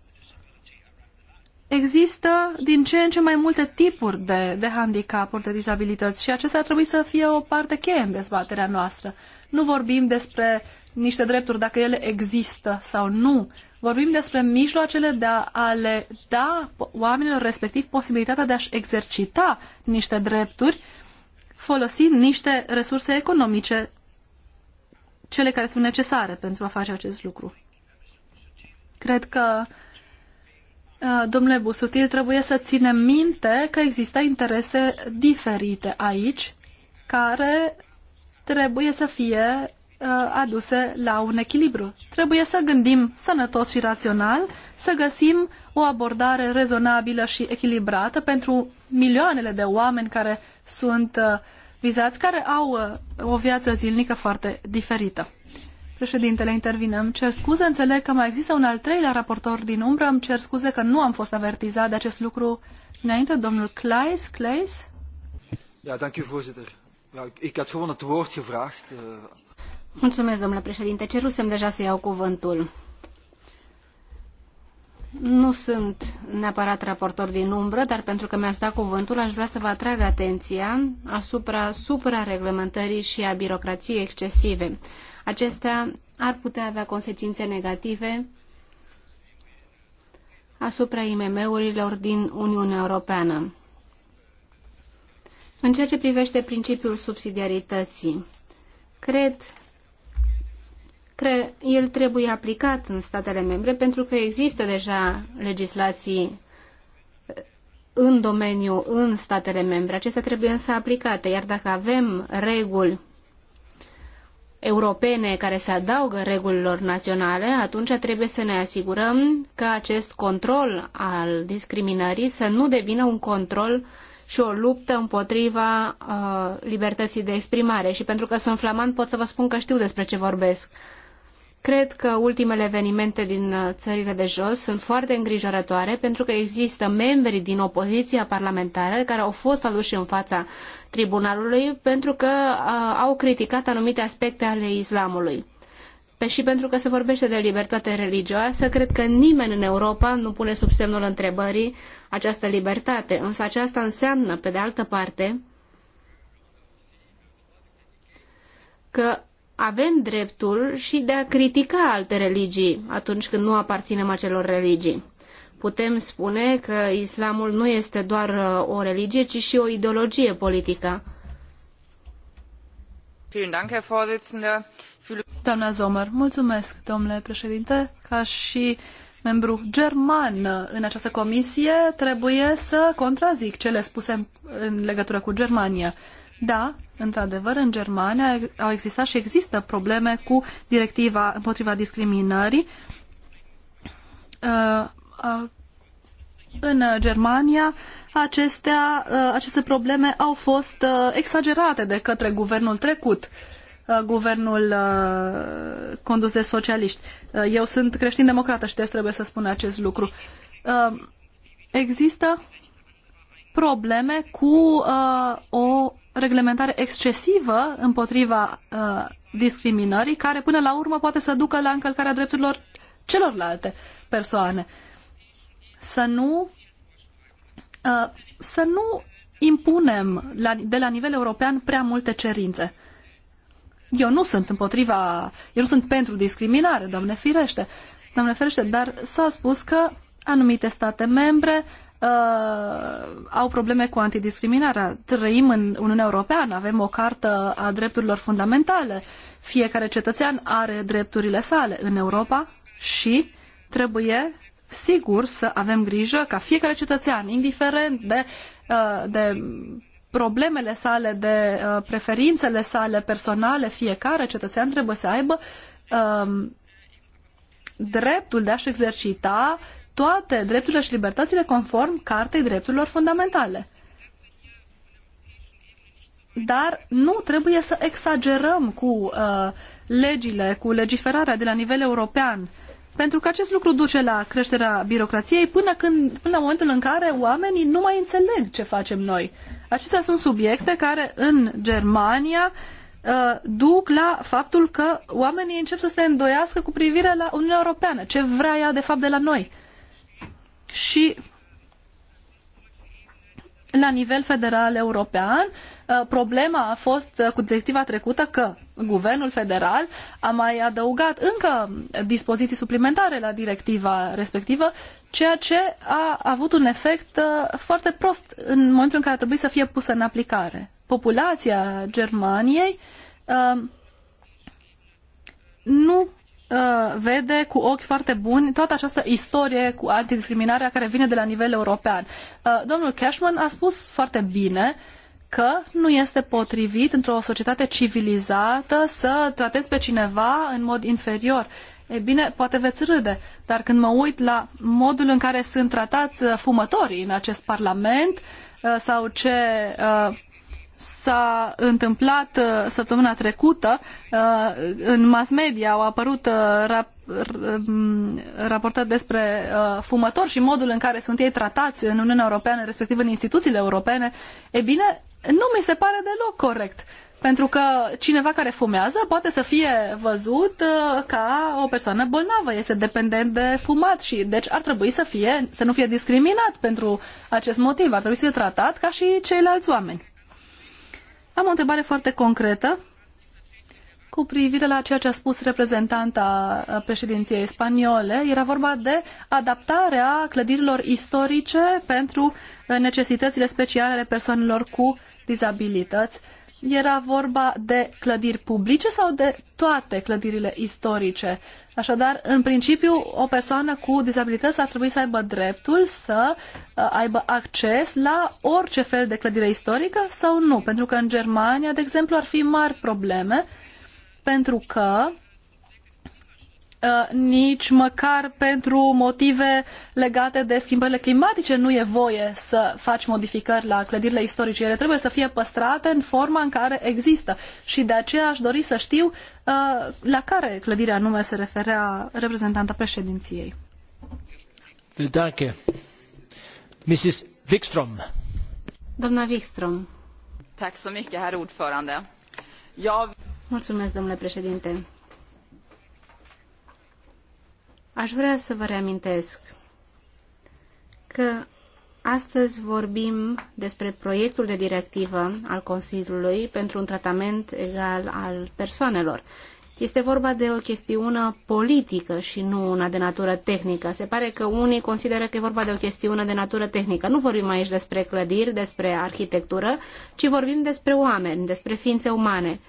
Există din ce în ce mai multe tipuri de, de handicapuri, de dizabilități și acestea ar trebui să fie o parte cheie în dezbaterea noastră. Nu vorbim despre niște drepturi, dacă ele există sau nu, uh, Vorbim despre mijloacele de a le da oamenilor respectiv posibilitatea de a-și exercita niște drepturi folosind niște resurse economice, cele care sunt necesare pentru a face acest lucru. Cred că uh, Domnule Busutil, trebuie să ținem minte că există interese diferite aici care trebuie să fie Uh, aduse la un echilibru. Trebuie să gândim sănătos și rațional, să găsim o abordare rezonabilă și echilibrată pentru milioanele de oameni care sunt uh, vizați, care au uh, o viață zilnică foarte diferită. Președintele, intervine. Îmi cer scuze, înțeleg că mai există un al treilea raportor din umbră. Îmi cer scuze că nu am fost avertizat de acest lucru înainte. Domnul Kleis, Kleis? Da, dank u, voorzitter. Ja, ik had gewoon het woord gevraagd. Uh... Mulțumesc, domnule președinte. Cerusem deja să iau cuvântul. Nu sunt neapărat raportor din umbră, dar pentru că mi-ați dat cuvântul, aș vrea să vă atrag atenția asupra suprareglementării și a birocrației excesive. Acestea ar putea avea consecințe negative asupra IMM-urilor din Uniunea Europeană. În ceea ce privește principiul subsidiarității, cred Cre el trebuie aplicat în statele membre pentru că există deja legislații uh, în domeniu în statele membre. Acestea trebuie însă aplicate, iar dacă avem reguli europene care se adaugă regulilor naționale, atunci trebuie să ne asigurăm că acest control al discriminării să nu devină un control și o luptă împotriva uh, libertății de exprimare. Și pentru că sunt flamand pot să vă spun că știu despre ce vorbesc. Uh, Cred că ultimele evenimente din uh, țările de jos sunt foarte îngrijorătoare pentru că există membri din opoziția parlamentară care au fost aduși în fața tribunalului pentru că uh, au criticat anumite aspecte ale islamului. Pe și pentru că se vorbește de libertate religioasă, cred că nimeni în Europa nu pune sub semnul întrebării această libertate, însă aceasta înseamnă, pe de altă parte, că avem dreptul și de a critica alte religii atunci când nu aparținem acelor religii. Putem spune că islamul nu este doar uh, o religie, ci și o ideologie politică. Doamna Zomer, mulțumesc, domnule președinte, ca și membru german în această comisie, trebuie să contrazic cele spuse în legătură cu Germania. Da, Într-adevăr, în Germania au existat și există probleme cu directiva împotriva discriminării. În Germania, acestea, aceste probleme au fost uh, exagerate de către guvernul trecut uh, guvernul uh, condus de socialiști. eu sunt creștin-democrată și deci trebuie să spun acest lucru. există probleme cu o reglementare excesivă împotriva uh, discriminării, care până la urmă poate să ducă la încălcarea drepturilor celorlalte persoane. Să nu, uh, să nu impunem la, de la nivel european prea multe cerințe. Eu nu sunt împotriva, eu nu sunt pentru discriminare, doamne firește, doamne firește, dar s-a spus că anumite state membre uh, au probleme cu antidiscriminarea. Trăim în Uniunea Europeană, avem o cartă a drepturilor fundamentale. Fiecare cetățean are drepturile sale în Europa și trebuie, sigur, să avem grijă ca fiecare cetățean, indiferent de, uh, de problemele sale, de uh, preferințele sale personale, fiecare cetățean trebuie să aibă um, dreptul de a-și exercita toate drepturile și libertățile conform Cartei Drepturilor Fundamentale. Dar nu trebuie să exagerăm cu uh, legile, cu legiferarea de la nivel european, pentru că acest lucru duce la creșterea birocrației până, când, până la momentul în care oamenii nu mai înțeleg ce facem noi. Acestea sunt subiecte care în Germania uh, duc la faptul că oamenii încep să se îndoiască cu privire la Uniunea Europeană, ce vrea ea de fapt de la noi și la nivel federal european, uh, problema a fost uh, cu directiva trecută că guvernul federal a mai adăugat încă dispoziții suplimentare la directiva respectivă, ceea ce a avut un efect uh, foarte prost în momentul în care a trebuit să fie pusă în aplicare. Populația Germaniei nu Uh, vede cu ochi foarte buni toată această istorie cu antidiscriminarea care vine de la nivel european. Uh, domnul Cashman a spus foarte bine că nu este potrivit într-o societate civilizată să tratezi pe cineva în mod inferior. E bine, poate veți râde, dar când mă uit la modul în care sunt tratați uh, fumătorii în acest parlament sau ce s-a întâmplat uh, săptămâna trecută. Uh, în mass media au apărut uh, rap mm, raportări despre fumători și modul în care sunt ei tratați în Uniunea Europeană, respectiv în instituțiile europene. E bine, nu mi se pare deloc corect. Pentru că cineva care fumează poate să fie văzut ca o persoană bolnavă, este dependent de fumat și deci ar trebui să, fie, să nu fie discriminat pentru acest motiv, ar trebui să fie tratat ca și ceilalți oameni. Am o întrebare foarte concretă cu privire la ceea ce a spus reprezentanta președinției spaniole. Era vorba de adaptarea clădirilor istorice pentru necesitățile speciale ale persoanelor cu dizabilități. Era vorba de clădiri publice sau de toate clădirile istorice? Așadar, în principiu, o persoană cu dizabilități ar trebui să aibă dreptul să uh, aibă acces la orice fel de clădire istorică sau nu, pentru că în Germania, de exemplu, ar fi mari probleme pentru că Uh, nici măcar pentru motive legate de schimbările climatice nu e voie să faci modificări la clădirile istorice. Ele trebuie să fie păstrate în forma în care există. Și de aceea aș dori să știu uh, la care clădire anume se referea reprezentanta președinției. Danke. Mrs. Wikström. Doamna Wikström. Tack så mycket, herr ordförande. Mulțumesc, domnule președinte. Aș vrea să vă reamintesc că astăzi vorbim despre proiectul de directivă al Consiliului pentru un tratament egal al persoanelor. Este vorba de o chestiune politică și nu una de natură tehnică. Se pare că unii consideră că e vorba de o chestiune de natură tehnică. Nu vorbim aici despre clădiri, despre arhitectură, ci vorbim despre oameni, despre ființe umane.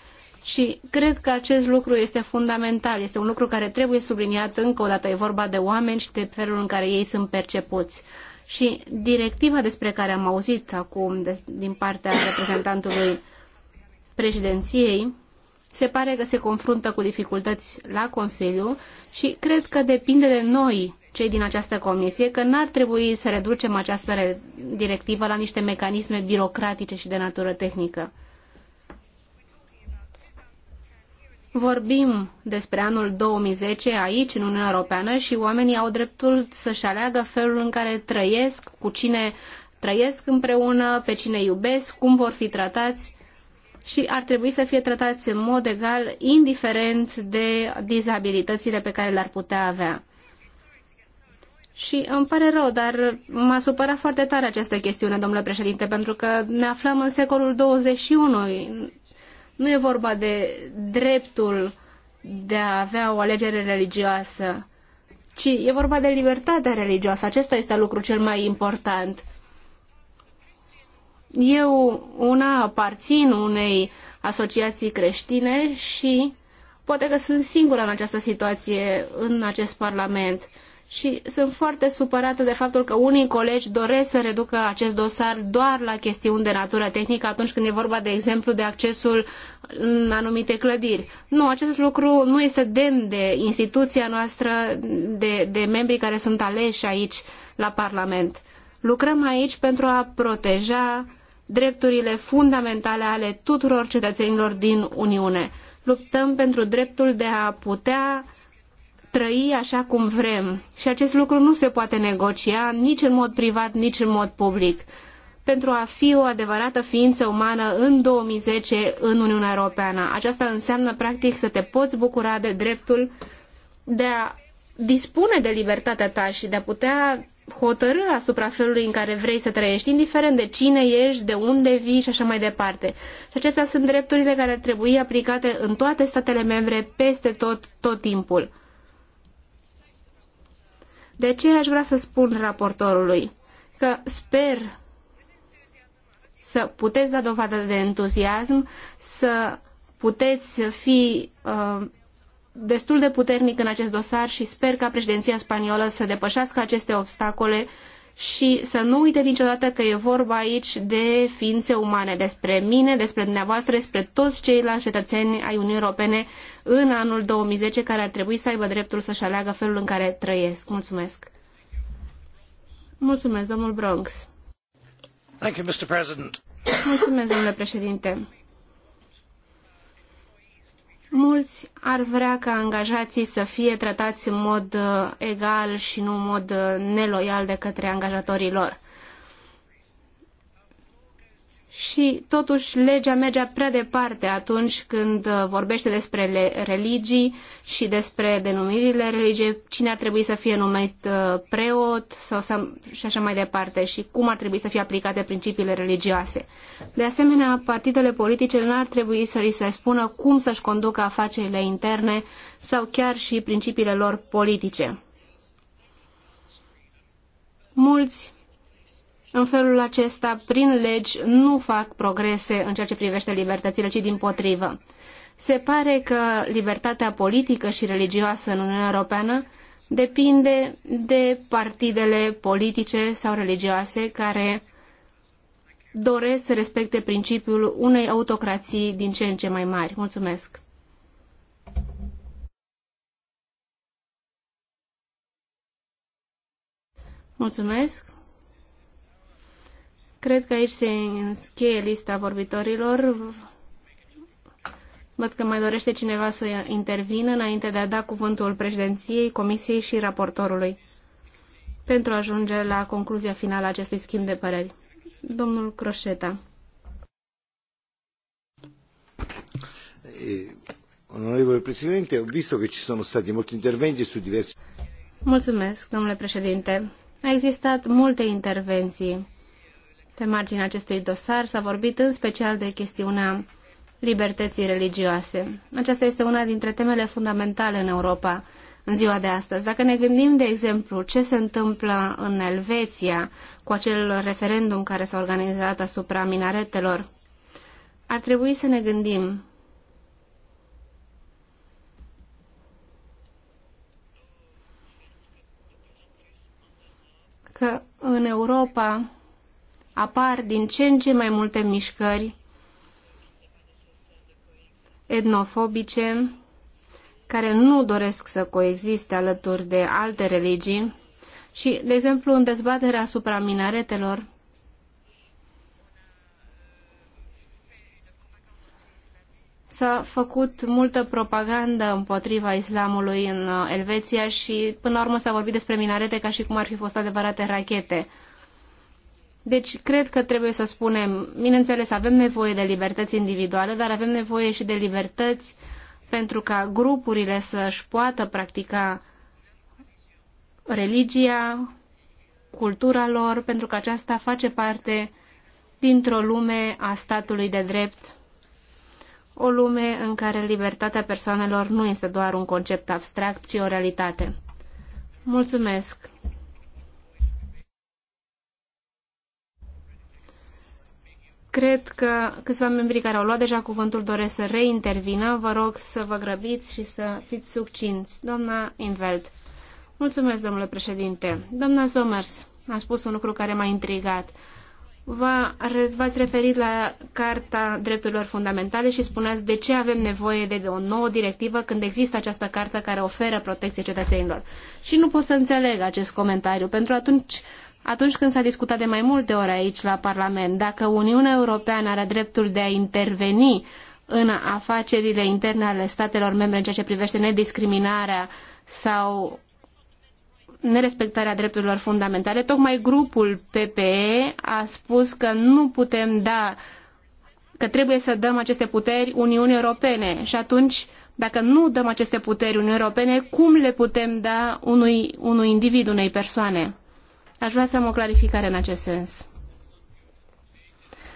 Și cred că acest lucru este fundamental, este un lucru care trebuie subliniat încă o dată. E vorba de oameni și de felul în care ei sunt percepuți. Și directiva despre care am auzit acum de, din partea reprezentantului președinției se pare că se confruntă cu dificultăți la Consiliu și cred că depinde de noi, cei din această comisie, că n-ar trebui să reducem această directivă la niște mecanisme birocratice și de natură tehnică. Vorbim despre anul 2010 aici, în Uniunea Europeană, și oamenii au dreptul să-și aleagă felul în care trăiesc, cu cine trăiesc împreună, pe cine iubesc, cum vor fi tratați și ar trebui să fie tratați în mod egal, indiferent de dizabilitățile pe care le-ar putea avea. Și îmi pare rău, dar m-a supărat foarte tare această chestiune, domnule președinte, pentru că ne aflăm în secolul 21. Nu e vorba de dreptul de a avea o alegere religioasă, ci e vorba de libertatea religioasă. Acesta este lucrul cel mai important. Eu una aparțin unei asociații creștine și poate că sunt singură în această situație în acest parlament și sunt foarte supărată de faptul că unii colegi doresc să reducă acest dosar doar la chestiuni de natură tehnică atunci când e vorba, de exemplu, de accesul în anumite clădiri. Nu, acest lucru nu este demn de instituția noastră, de, de membrii care sunt aleși aici la Parlament. Lucrăm aici pentru a proteja drepturile fundamentale ale tuturor cetățenilor din Uniune. Luptăm pentru dreptul de a putea trăi așa cum vrem. Și acest lucru nu se poate negocia nici în mod privat, nici în mod public. Pentru a fi o adevărată ființă umană în 2010 în Uniunea Europeană. Aceasta înseamnă practic să te poți bucura de dreptul de a dispune de libertatea ta și de a putea hotărâ asupra felului în care vrei să trăiești, indiferent de cine ești, de unde vii și așa mai departe. Și acestea sunt drepturile care ar trebui aplicate în toate statele membre, peste tot, tot timpul. De aceea aș vrea să spun raportorului că sper să puteți da dovadă de entuziasm, să puteți fi uh, destul de puternic în acest dosar și sper ca președinția spaniolă să depășească aceste obstacole și să nu uite niciodată că e vorba aici de ființe umane, despre mine, despre dumneavoastră, despre toți ceilalți cetățeni ai Uniunii Europene în anul 2010 care ar trebui să aibă dreptul să-și aleagă felul în care trăiesc. Mulțumesc! Mulțumesc, domnul Bronx! Mulțumesc, domnule președinte! Mulți ar vrea ca angajații să fie tratați în mod uh, egal și nu în mod uh, neloial de către angajatorii lor și totuși legea merge prea departe atunci când uh, vorbește despre religii și despre denumirile religie, cine ar trebui să fie numit uh, preot sau să, și așa mai departe și cum ar trebui să fie aplicate principiile religioase. De asemenea, partidele politice nu ar trebui să li se spună cum să-și conducă afacerile interne sau chiar și principiile lor politice. Mulți în felul acesta, prin legi, nu fac progrese în ceea ce privește libertățile, ci din potrivă. Se pare că libertatea politică și religioasă în Uniunea Europeană depinde de partidele politice sau religioase care doresc să respecte principiul unei autocrații din ce în ce mai mari. Mulțumesc! Mulțumesc! Cred că aici se încheie lista vorbitorilor. Văd că mai dorește cineva să intervină înainte de a da cuvântul președinției, comisiei și raportorului pentru a ajunge la concluzia finală a acestui schimb de păreri. Domnul Croșeta. Eh, onorevole Președinte, ho visto că ci sono stati molti interventi su diversi... Mulțumesc, domnule președinte. A existat multe intervenții pe marginea acestui dosar s-a vorbit în special de chestiunea libertății religioase. Aceasta este una dintre temele fundamentale în Europa în ziua de astăzi. Dacă ne gândim, de exemplu, ce se întâmplă în Elveția cu acel referendum care s-a organizat asupra minaretelor, ar trebui să ne gândim că în Europa apar din ce în ce mai multe mișcări etnofobice care nu doresc să coexiste alături de alte religii și, de exemplu, în dezbaterea asupra minaretelor, S-a făcut multă propagandă împotriva islamului în uh, Elveția și până la urmă s-a vorbit despre minarete ca și cum ar fi fost adevărate rachete. Deci, cred că trebuie să spunem, bineînțeles, avem nevoie de libertăți individuale, dar avem nevoie și de libertăți pentru ca grupurile să-și poată practica religia, cultura lor, pentru că aceasta face parte dintr-o lume a statului de drept, o lume în care libertatea persoanelor nu este doar un concept abstract, ci o realitate. Mulțumesc! Cred că câțiva membrii care au luat deja cuvântul doresc să reintervină. Vă rog să vă grăbiți și să fiți succinți. Doamna Inveld. Mulțumesc, domnule președinte. Doamna Somers a spus un lucru care m-a intrigat. V-ați referit la Carta Drepturilor Fundamentale și spuneați de ce avem nevoie de o nouă directivă când există această cartă care oferă protecție cetățenilor. Și nu pot să înțeleg acest comentariu, pentru atunci atunci când s-a discutat de mai multe ori aici la Parlament, dacă Uniunea Europeană are dreptul de a interveni în afacerile interne ale statelor membre în ceea ce privește nediscriminarea sau nerespectarea drepturilor fundamentale, tocmai grupul PPE a spus că nu putem da, că trebuie să dăm aceste puteri Uniunii Europene și atunci dacă nu dăm aceste puteri Uniunii Europene, cum le putem da unui, unui individ, unei persoane? Aș vrea să am o clarificare în acest sens.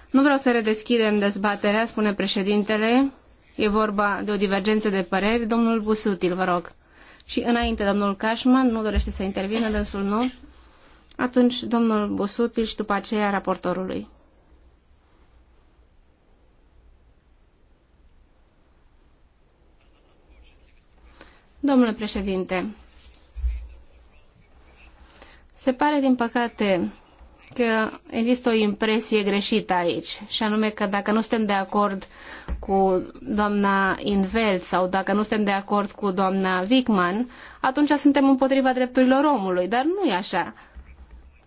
Nu vreau să redeschidem dezbaterea, spune președintele. E vorba de o divergență de păreri. Domnul Busutil, vă rog. Și înainte, domnul Cashman nu dorește să intervină, dânsul nu. Atunci, domnul Busutil și după aceea raportorului. Domnule președinte, se pare, din păcate, că există o impresie greșită aici, și anume că dacă nu suntem de acord cu doamna Invelt sau dacă nu suntem de acord cu doamna Wickman, atunci suntem împotriva drepturilor omului, dar nu e așa.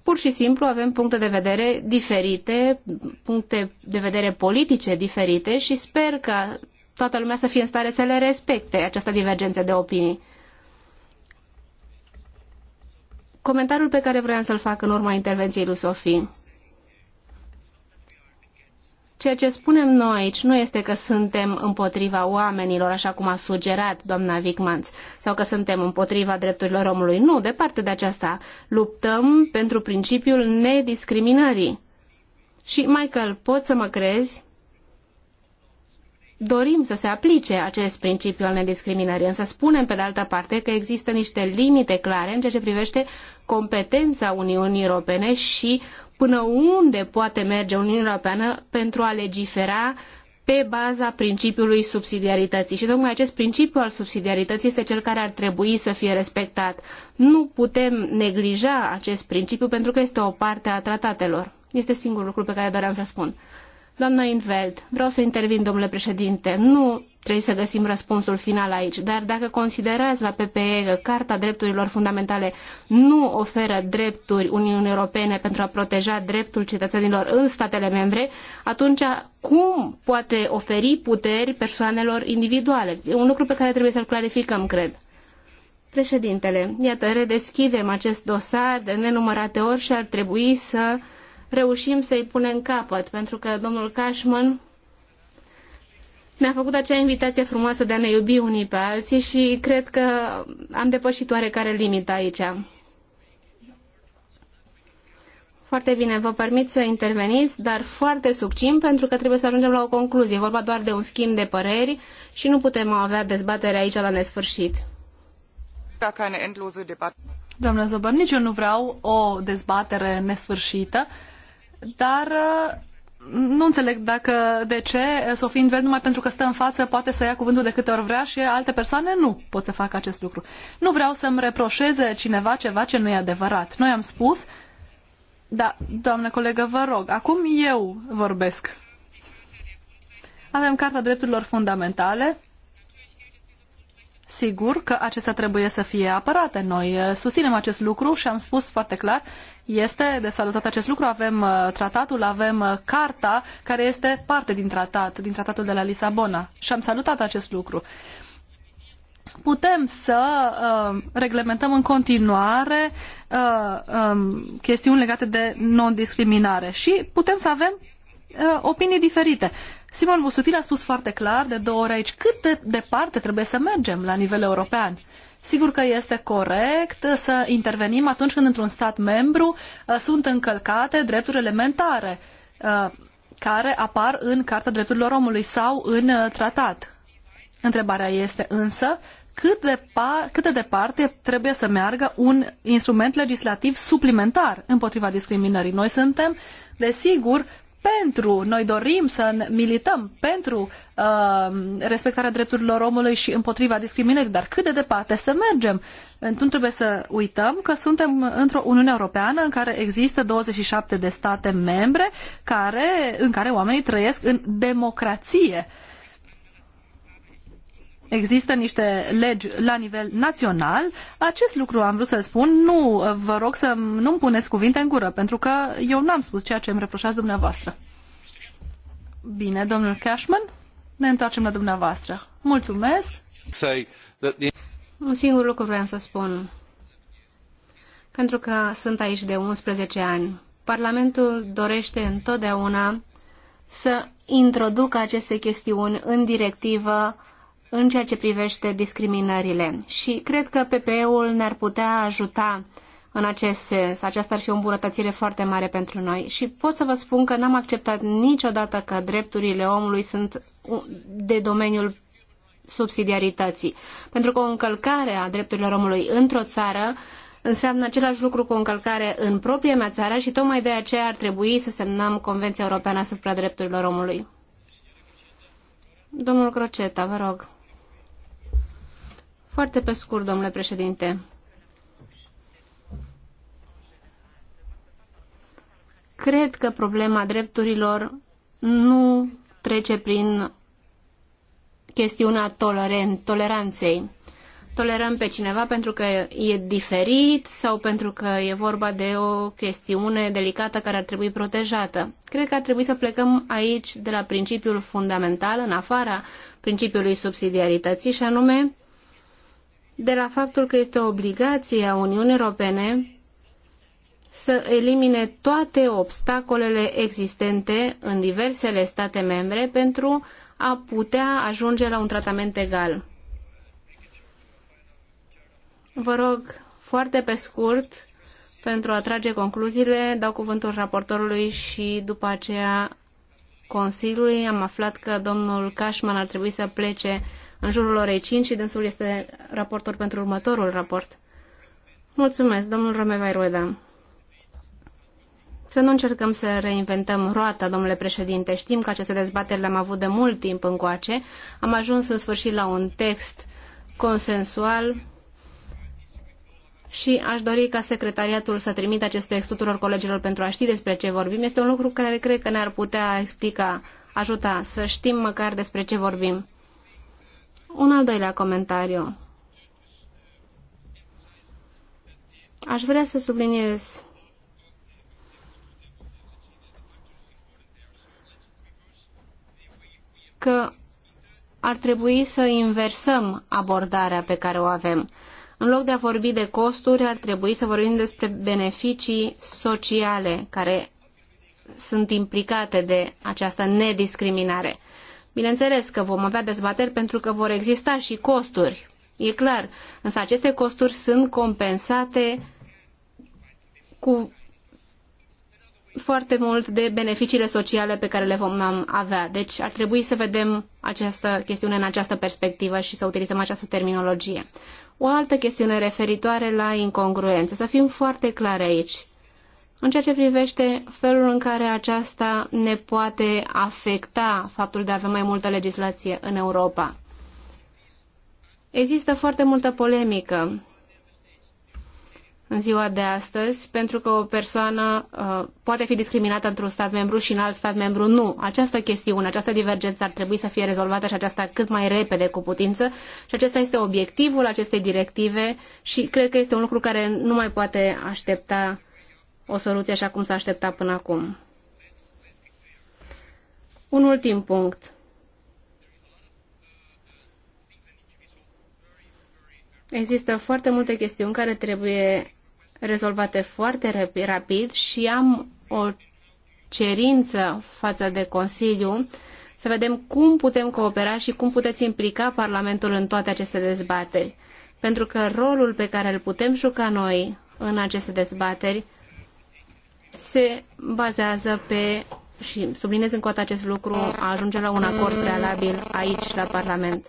Pur și simplu avem puncte de vedere diferite, puncte de vedere politice diferite și sper că toată lumea să fie în stare să le respecte această divergență de opinii. Comentariul pe care vreau să-l fac în urma intervenției lui Sofie. Ceea ce spunem noi aici nu este că suntem împotriva oamenilor, așa cum a sugerat doamna Vicmanț, sau că suntem împotriva drepturilor omului. Nu, departe de aceasta. Luptăm pentru principiul nediscriminării. Și, Michael, poți să mă crezi? dorim să se aplice acest principiu al nediscriminării, însă spunem pe de altă parte că există niște limite clare în ceea ce privește competența Uniunii Europene și până unde poate merge Uniunea Europeană pentru a legifera pe baza principiului subsidiarității. Și tocmai acest principiu al subsidiarității este cel care ar trebui să fie respectat. Nu putem neglija acest principiu pentru că este o parte a tratatelor. Este singurul lucru pe care doream să-l spun. Doamna Inveld, vreau să intervin, domnule președinte. Nu trebuie să găsim răspunsul final aici, dar dacă considerați la PPE că Carta Drepturilor Fundamentale nu oferă drepturi Uniunii Europene pentru a proteja dreptul cetățenilor în statele membre, atunci cum poate oferi puteri persoanelor individuale? E un lucru pe care trebuie să-l clarificăm, cred. Președintele, iată, redeschidem acest dosar de nenumărate ori și ar trebui să reușim să-i punem capăt, pentru că domnul Cashman ne-a făcut acea invitație frumoasă de a ne iubi unii pe alții și cred că am depășit oarecare limită aici. Foarte bine, vă permit să interveniți, dar foarte succint, pentru că trebuie să ajungem la o concluzie. E vorba doar de un schimb de păreri și nu putem avea dezbatere aici la nesfârșit. Doamna Zobăr, nici eu nu vreau o dezbatere nesfârșită dar uh, nu înțeleg dacă de ce Sofie Inved numai pentru că stă în față poate să ia cuvântul de câte ori vrea și alte persoane nu pot să facă acest lucru. Nu vreau să-mi reproșeze cineva ceva ce nu e adevărat. Noi am spus, da, doamnă colegă, vă rog, acum eu vorbesc. Avem Carta Drepturilor Fundamentale, Sigur că acestea trebuie să fie apărate. Noi uh, susținem acest lucru și am spus foarte clar, este de salutat acest lucru. Avem uh, tratatul, avem uh, carta care este parte din tratat, din tratatul de la Lisabona și am salutat acest lucru. Putem să uh, reglementăm în continuare uh, um, chestiuni legate de non-discriminare și putem să avem opinii diferite. Simon Busutil a spus foarte clar de două ori aici cât de departe trebuie să mergem la nivel european. Sigur că este corect să intervenim atunci când într-un stat membru uh, sunt încălcate drepturi elementare uh, care apar în Carta Drepturilor Omului sau în uh, tratat. Întrebarea este însă cât de, par, cât de departe trebuie să meargă un instrument legislativ suplimentar împotriva discriminării. Noi suntem, desigur, pentru, noi dorim să milităm pentru uh, respectarea drepturilor omului și împotriva discriminării, dar cât de departe să mergem? Nu trebuie să uităm că suntem într-o Uniune Europeană în care există 27 de state membre care, în care oamenii trăiesc în democrație. Uh, există niște legi la nivel național. Acest lucru am vrut să spun. Nu vă rog să nu-mi puneți cuvinte în gură, pentru că eu n-am spus ceea ce îmi reproșați dumneavoastră. Bine, domnul Cashman, ne întoarcem la dumneavoastră. Mulțumesc. Un singur lucru vreau să spun. Pentru că sunt aici de 11 ani, Parlamentul dorește întotdeauna să introducă aceste chestiuni în directivă în ceea ce privește discriminările. Și cred că PPE-ul ne-ar putea ajuta în acest sens. Aceasta ar fi o îmbunătățire foarte mare pentru noi. Și pot să vă spun că n-am acceptat niciodată că drepturile omului sunt de domeniul subsidiarității. Pentru că o încălcare a drepturilor omului într-o țară înseamnă același lucru cu o încălcare în propria mea țară și tocmai de aceea ar trebui să semnăm Convenția Europeană asupra drepturilor omului. Domnul Croceta, vă rog. Foarte pe scurt, domnule președinte. Cred că problema drepturilor nu trece prin chestiunea toleranței. Tolerăm pe cineva pentru că e diferit sau pentru că e vorba de o chestiune delicată care ar trebui protejată. Cred că ar trebui să plecăm aici de la principiul fundamental, în afara principiului subsidiarității, și anume de la faptul că este o obligație a Uniunii Europene să elimine toate obstacolele existente în diversele state membre pentru a putea ajunge la un tratament egal. Vă rog, foarte pe scurt, pentru a trage concluziile, dau cuvântul raportorului și după aceea Consiliului. Am aflat că domnul Cashman ar trebui să plece în jurul orei 5 și dânsul este raportor pentru următorul raport. Mulțumesc, domnul Romevai Rueda. Să nu încercăm să reinventăm roata, domnule președinte. Știm că aceste dezbateri le-am avut de mult timp încoace. Am ajuns în sfârșit la un text consensual și aș dori ca secretariatul să trimită acest text tuturor colegilor pentru a ști despre ce vorbim. Este un lucru care cred că ne-ar putea explica, ajuta să știm măcar despre ce vorbim. Un al doilea comentariu. Aș vrea să subliniez că ar trebui să inversăm abordarea pe care o avem. În loc de a vorbi de costuri, ar trebui să vorbim despre beneficii sociale care sunt implicate de această nediscriminare. Bineînțeles că vom avea dezbateri pentru că vor exista și costuri, e clar, însă aceste costuri sunt compensate cu foarte mult de beneficiile sociale pe care le vom avea. Deci ar trebui să vedem această chestiune în această perspectivă și să utilizăm această terminologie. O altă chestiune referitoare la incongruență. Să fim foarte clare aici în ceea ce privește felul în care aceasta ne poate afecta faptul de a avea mai multă legislație în Europa. Există foarte multă polemică în ziua de astăzi, pentru că o persoană uh, poate fi discriminată într-un stat membru și în alt stat membru nu. Această chestiune, această divergență ar trebui să fie rezolvată și aceasta cât mai repede cu putință și acesta este obiectivul acestei directive și cred că este un lucru care nu mai poate aștepta o soluție așa cum s-a așteptat până acum. Un ultim punct. Există foarte multe chestiuni care trebuie rezolvate foarte rapid și am o cerință față de Consiliu să vedem cum putem coopera și cum puteți implica Parlamentul în toate aceste dezbateri. Pentru că rolul pe care îl putem juca noi în aceste dezbateri se bazează pe, și sublinez încă o acest lucru, a ajunge la un acord prealabil aici, la Parlament.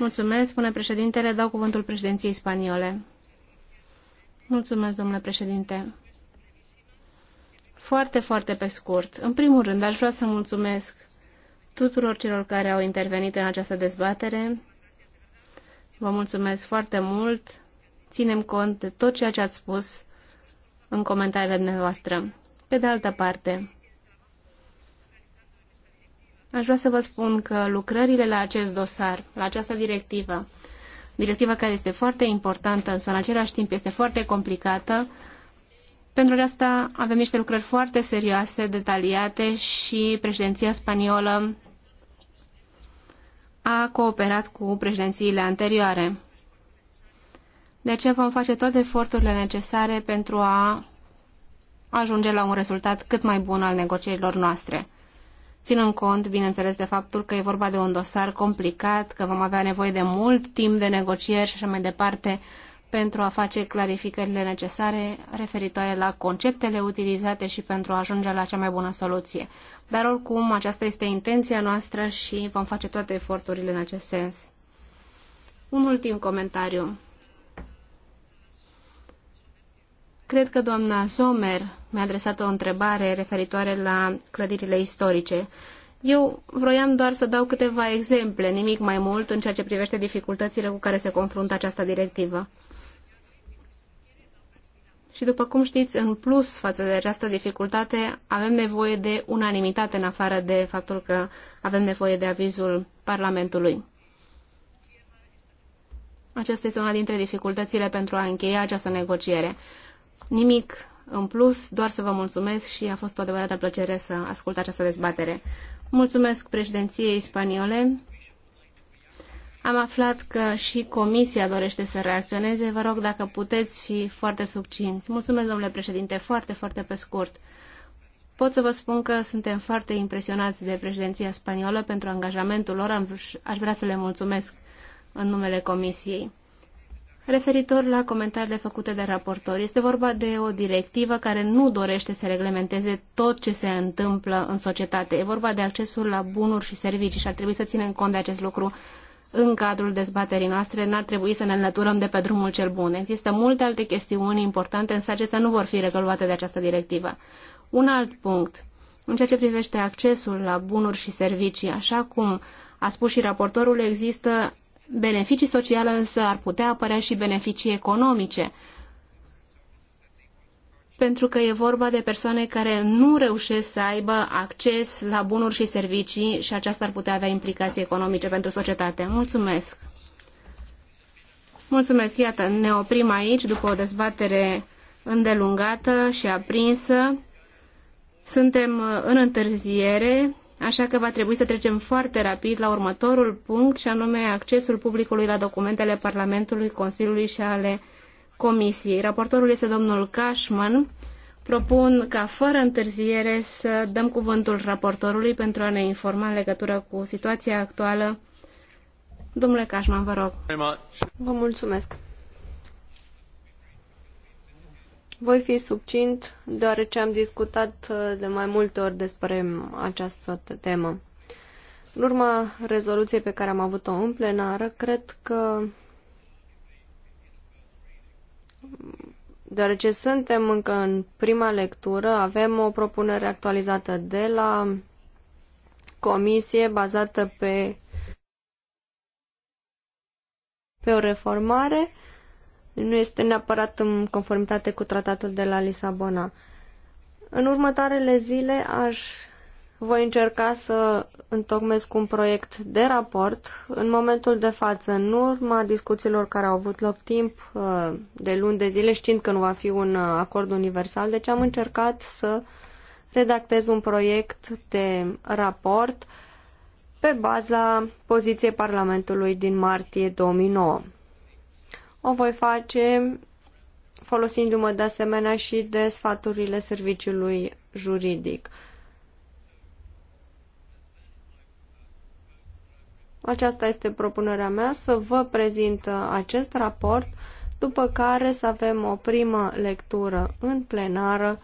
Mulțumesc, spune președintele, dau cuvântul președinției spaniole. Mulțumesc, domnule președinte. Foarte, foarte pe scurt. În primul rând, aș vrea să mulțumesc tuturor celor care au intervenit în această dezbatere. Vă mulțumesc foarte mult. Ținem cont de tot ceea ce ați spus în comentariile dumneavoastră. Pe de altă parte, aș vrea să vă spun că lucrările la acest dosar, la această directivă, directivă care este foarte importantă, însă în același timp este foarte complicată, pentru asta avem niște lucrări foarte serioase, detaliate și președinția spaniolă a cooperat cu președințiile anterioare. De ce vom face toate eforturile necesare pentru a ajunge la un rezultat cât mai bun al negocierilor noastre. Ținând cont, bineînțeles, de faptul că e vorba de un dosar complicat, că vom avea nevoie de mult timp de negocieri și așa mai departe pentru a face clarificările necesare referitoare la conceptele utilizate și pentru a ajunge la cea mai bună soluție. Dar oricum, aceasta este intenția noastră și vom face toate eforturile în acest sens. Un ultim comentariu. Cred că doamna Sommer mi-a adresat o întrebare referitoare la clădirile istorice. Eu vroiam doar să dau câteva exemple, nimic mai mult în ceea ce privește dificultățile cu care se confruntă această directivă. Și după cum știți, în plus față de această dificultate, avem nevoie de unanimitate în afară de faptul că avem nevoie de avizul Parlamentului. Aceasta este una dintre dificultățile pentru a încheia această negociere nimic în plus, doar să vă mulțumesc și a fost o adevărată plăcere să ascult această dezbatere. Mulțumesc președinției spaniole. Am aflat că și comisia dorește să reacționeze. Vă rog dacă puteți fi foarte subcinți. Mulțumesc, domnule președinte, foarte, foarte pe scurt. Pot să vă spun că suntem foarte impresionați de președinția spaniolă pentru angajamentul lor. Aș vrea să le mulțumesc în numele comisiei. Referitor la comentariile făcute de raportor, este vorba de o directivă care nu dorește să reglementeze tot ce se întâmplă în societate. E vorba de accesul la bunuri și servicii și ar trebui să ținem cont de acest lucru în cadrul dezbaterii noastre. N-ar trebui să ne înlăturăm de pe drumul cel bun. Există multe alte chestiuni importante, însă acestea nu vor fi rezolvate de această directivă. Un alt punct. În ceea ce privește accesul la bunuri și servicii, așa cum a spus și raportorul, există beneficii sociale, însă ar putea apărea și beneficii economice. Pentru că e vorba de persoane care nu reușesc să aibă acces la bunuri și servicii și aceasta ar putea avea implicații economice pentru societate. Mulțumesc! Mulțumesc! Iată, ne oprim aici după o dezbatere îndelungată și aprinsă. Suntem în întârziere așa că va trebui să trecem foarte rapid la următorul punct și anume accesul publicului la documentele Parlamentului, Consiliului și ale Comisiei. Raportorul este domnul Cashman. Propun ca fără întârziere să dăm cuvântul raportorului pentru a ne informa în legătură cu situația actuală. Domnule Cashman, vă rog. Vă mulțumesc. Voi fi subcint, deoarece am discutat uh, de mai multe ori despre această temă. În urma rezoluției pe care am avut-o în plenară, cred că deoarece suntem încă în prima lectură, avem o propunere actualizată de la comisie bazată pe, pe o reformare nu este neapărat în conformitate cu tratatul de la Lisabona. În următoarele zile aș voi încerca să întocmesc un proiect de raport. În momentul de față, în urma discuțiilor care au avut loc timp uh, de luni de zile, știind că nu va fi un uh, acord universal, deci am încercat să redactez un proiect de raport pe baza poziției Parlamentului din martie 2009. O voi face folosindu-mă de asemenea și de sfaturile serviciului juridic. Aceasta este propunerea mea, să vă prezint acest raport, după care să avem o primă lectură în plenară,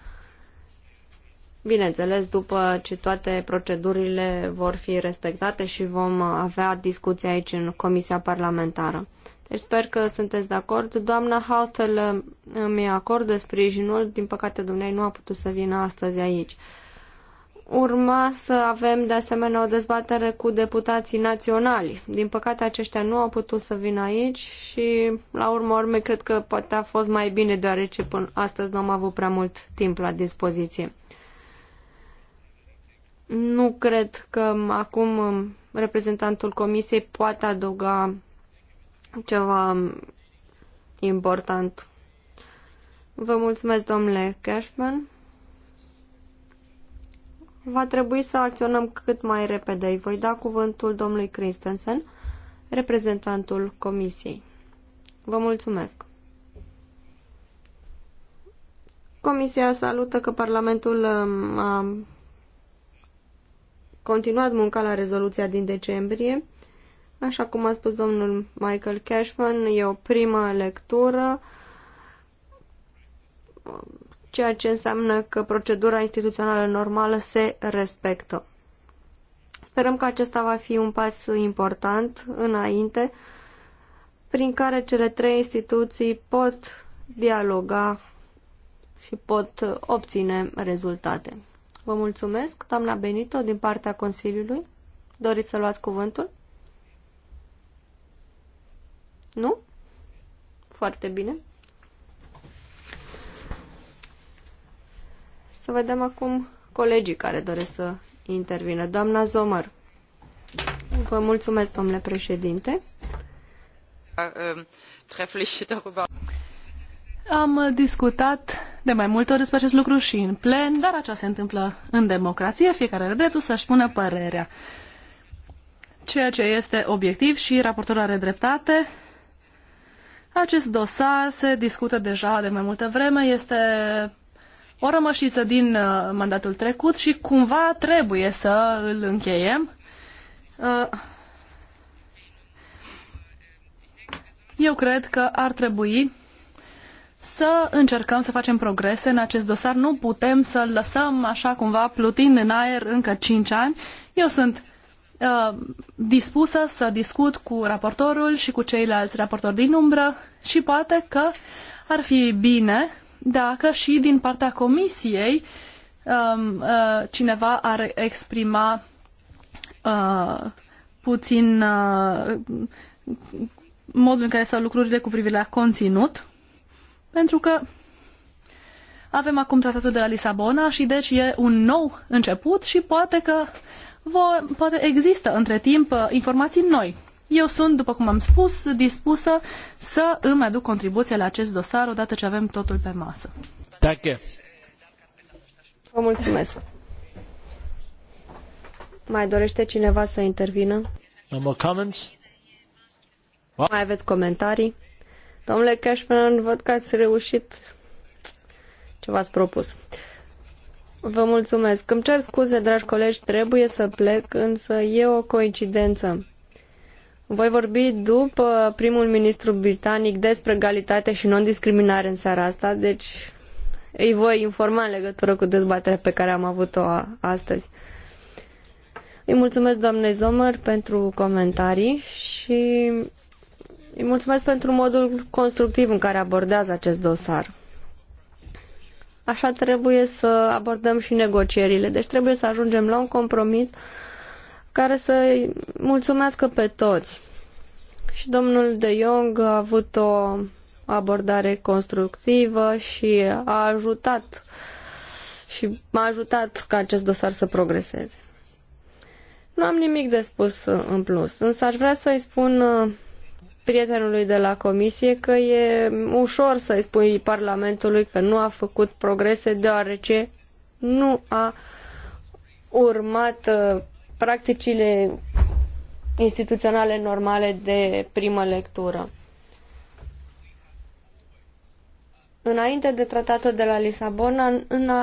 bineînțeles după ce toate procedurile vor fi respectate și vom avea discuții aici în Comisia Parlamentară. Deci sper că sunteți de acord. Doamna Hautel um, îmi acordă sprijinul, din păcate dumneai nu a putut să vină astăzi aici. Urma să avem de asemenea o dezbatere cu deputații naționali. Din păcate aceștia nu au putut să vină aici și la urmă urme cred că poate a fost mai bine deoarece până astăzi nu am avut prea mult timp la dispoziție. Nu cred că acum um, reprezentantul comisiei poate adăuga ceva important. Vă mulțumesc, domnule Cashman. Va trebui să acționăm cât mai repede. Îi voi da cuvântul domnului Christensen, reprezentantul comisiei. Vă mulțumesc. Comisia salută că Parlamentul um, a continuat munca la rezoluția din decembrie Așa cum a spus domnul Michael Cashman, e o primă lectură, ceea ce înseamnă că procedura instituțională normală se respectă. Sperăm că acesta va fi un pas important înainte, prin care cele trei instituții pot dialoga și pot obține rezultate. Vă mulțumesc, doamna Benito, din partea Consiliului. Doriți să luați cuvântul? Nu? Foarte bine. Să vedem acum colegii care doresc să intervină. Doamna Zomăr. Vă mulțumesc, domnule președinte. Da, um, Am discutat de mai multe ori despre acest lucru și în plen, dar aceasta se întâmplă în democrație, fiecare are dreptul să-și pună părerea. Ceea ce este obiectiv și raportorul are dreptate, acest dosar se discută deja de mai multă vreme, este o rămășiță din uh, mandatul trecut și cumva trebuie să îl încheiem. Uh, eu cred că ar trebui să încercăm să facem progrese în acest dosar. Nu putem să-l lăsăm așa cumva plutind în aer încă 5 ani. Eu sunt Uh, dispusă să discut cu raportorul și cu ceilalți raportori din umbră și poate că ar fi bine dacă și din partea comisiei um, uh, cineva ar exprima uh, puțin modul în care stau lucrurile cu privire la conținut, pentru că avem acum tratatul de la Lisabona și deci e un nou început și poate că vo, poate există între timp uh, informații noi. Eu sunt, după cum am spus, dispusă să îmi aduc contribuția la acest dosar odată ce avem totul pe masă. Danke. Vă mulțumesc. Mai dorește cineva să intervină? No more comments? What? Mai aveți comentarii? Domnule Cashman, văd că ați reușit ce v-ați propus. Vă mulțumesc. Îmi cer scuze, dragi colegi, trebuie să plec, însă e o coincidență. Voi vorbi după primul ministru britanic despre egalitate și non-discriminare în seara asta, deci îi voi informa în legătură cu dezbaterea pe care am avut-o astăzi. Îi mulțumesc doamnei Zomer pentru comentarii și îi mulțumesc pentru modul constructiv în care abordează acest dosar. Așa trebuie să abordăm și negocierile. Deci trebuie să ajungem la un compromis care să mulțumească pe toți. Și domnul De Jong a avut o abordare constructivă și a ajutat și m-a ajutat ca acest dosar să progreseze. Nu am nimic de spus în plus, însă aș vrea să-i spun prietenului de la comisie că e ușor să-i spui Parlamentului că nu a făcut progrese deoarece nu a urmat uh, practicile instituționale normale de primă lectură. Înainte de tratatul de la Lisabona,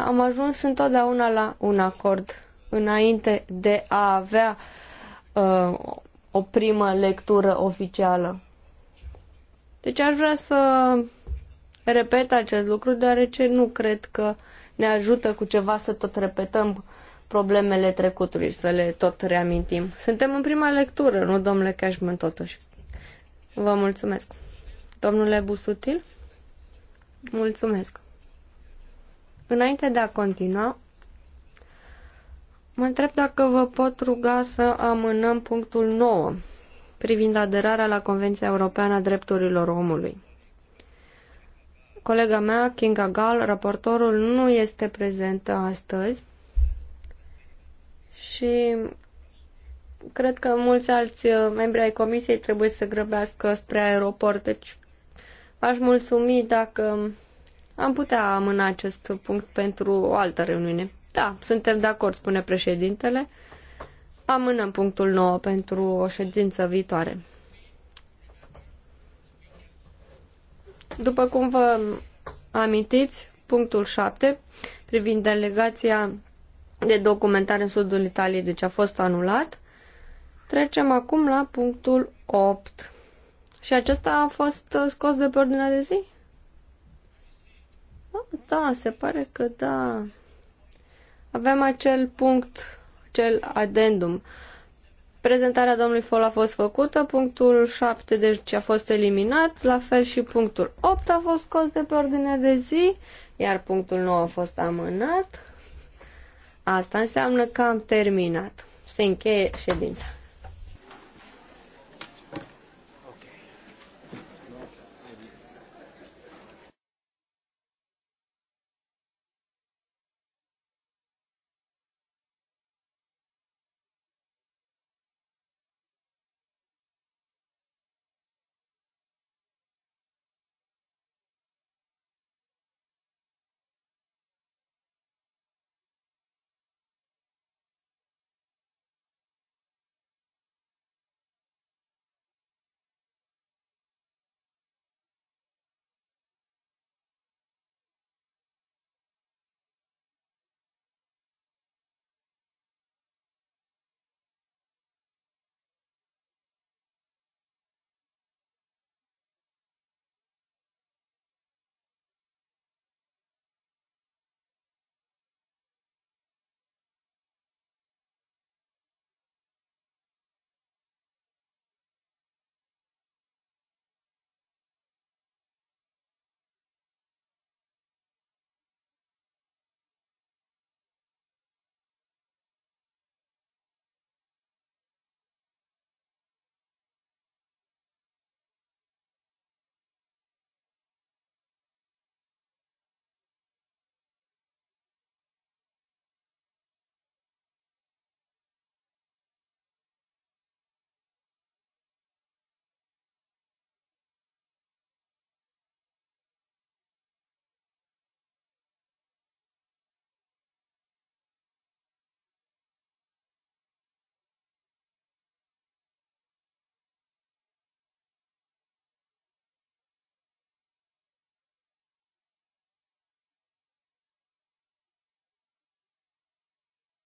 am ajuns întotdeauna la un acord, înainte de a avea uh, o primă lectură oficială. Deci aș vrea să repet acest lucru, deoarece nu cred că ne ajută cu ceva să tot repetăm problemele trecutului, să le tot reamintim. Suntem în prima lectură, nu, domnule Cashman, totuși. Vă mulțumesc. Domnule Busutil, mulțumesc. Înainte de a continua, mă întreb dacă vă pot ruga să amânăm punctul 9 privind aderarea la Convenția Europeană a Drepturilor Omului. Colega mea, Kinga Gal, raportorul, nu este prezentă astăzi și cred că mulți alți uh, membri ai comisiei trebuie să grăbească spre aeroport, deci aș mulțumi dacă am putea amâna acest punct pentru o altă reuniune. Da, suntem de acord, spune președintele amânăm punctul 9 pentru o ședință viitoare. După cum vă amintiți, punctul 7 privind delegația de documentare în sudul Italiei, deci a fost anulat. Trecem acum la punctul 8. Și acesta a fost scos de pe ordinea de zi? Ah, da, se pare că da. Avem acel punct acel adendum. Prezentarea domnului Fol a fost făcută, punctul 7 deci a fost eliminat, la fel și punctul 8 a fost scos de pe ordinea de zi, iar punctul 9 a fost amânat. Asta înseamnă că am terminat. Se încheie ședința.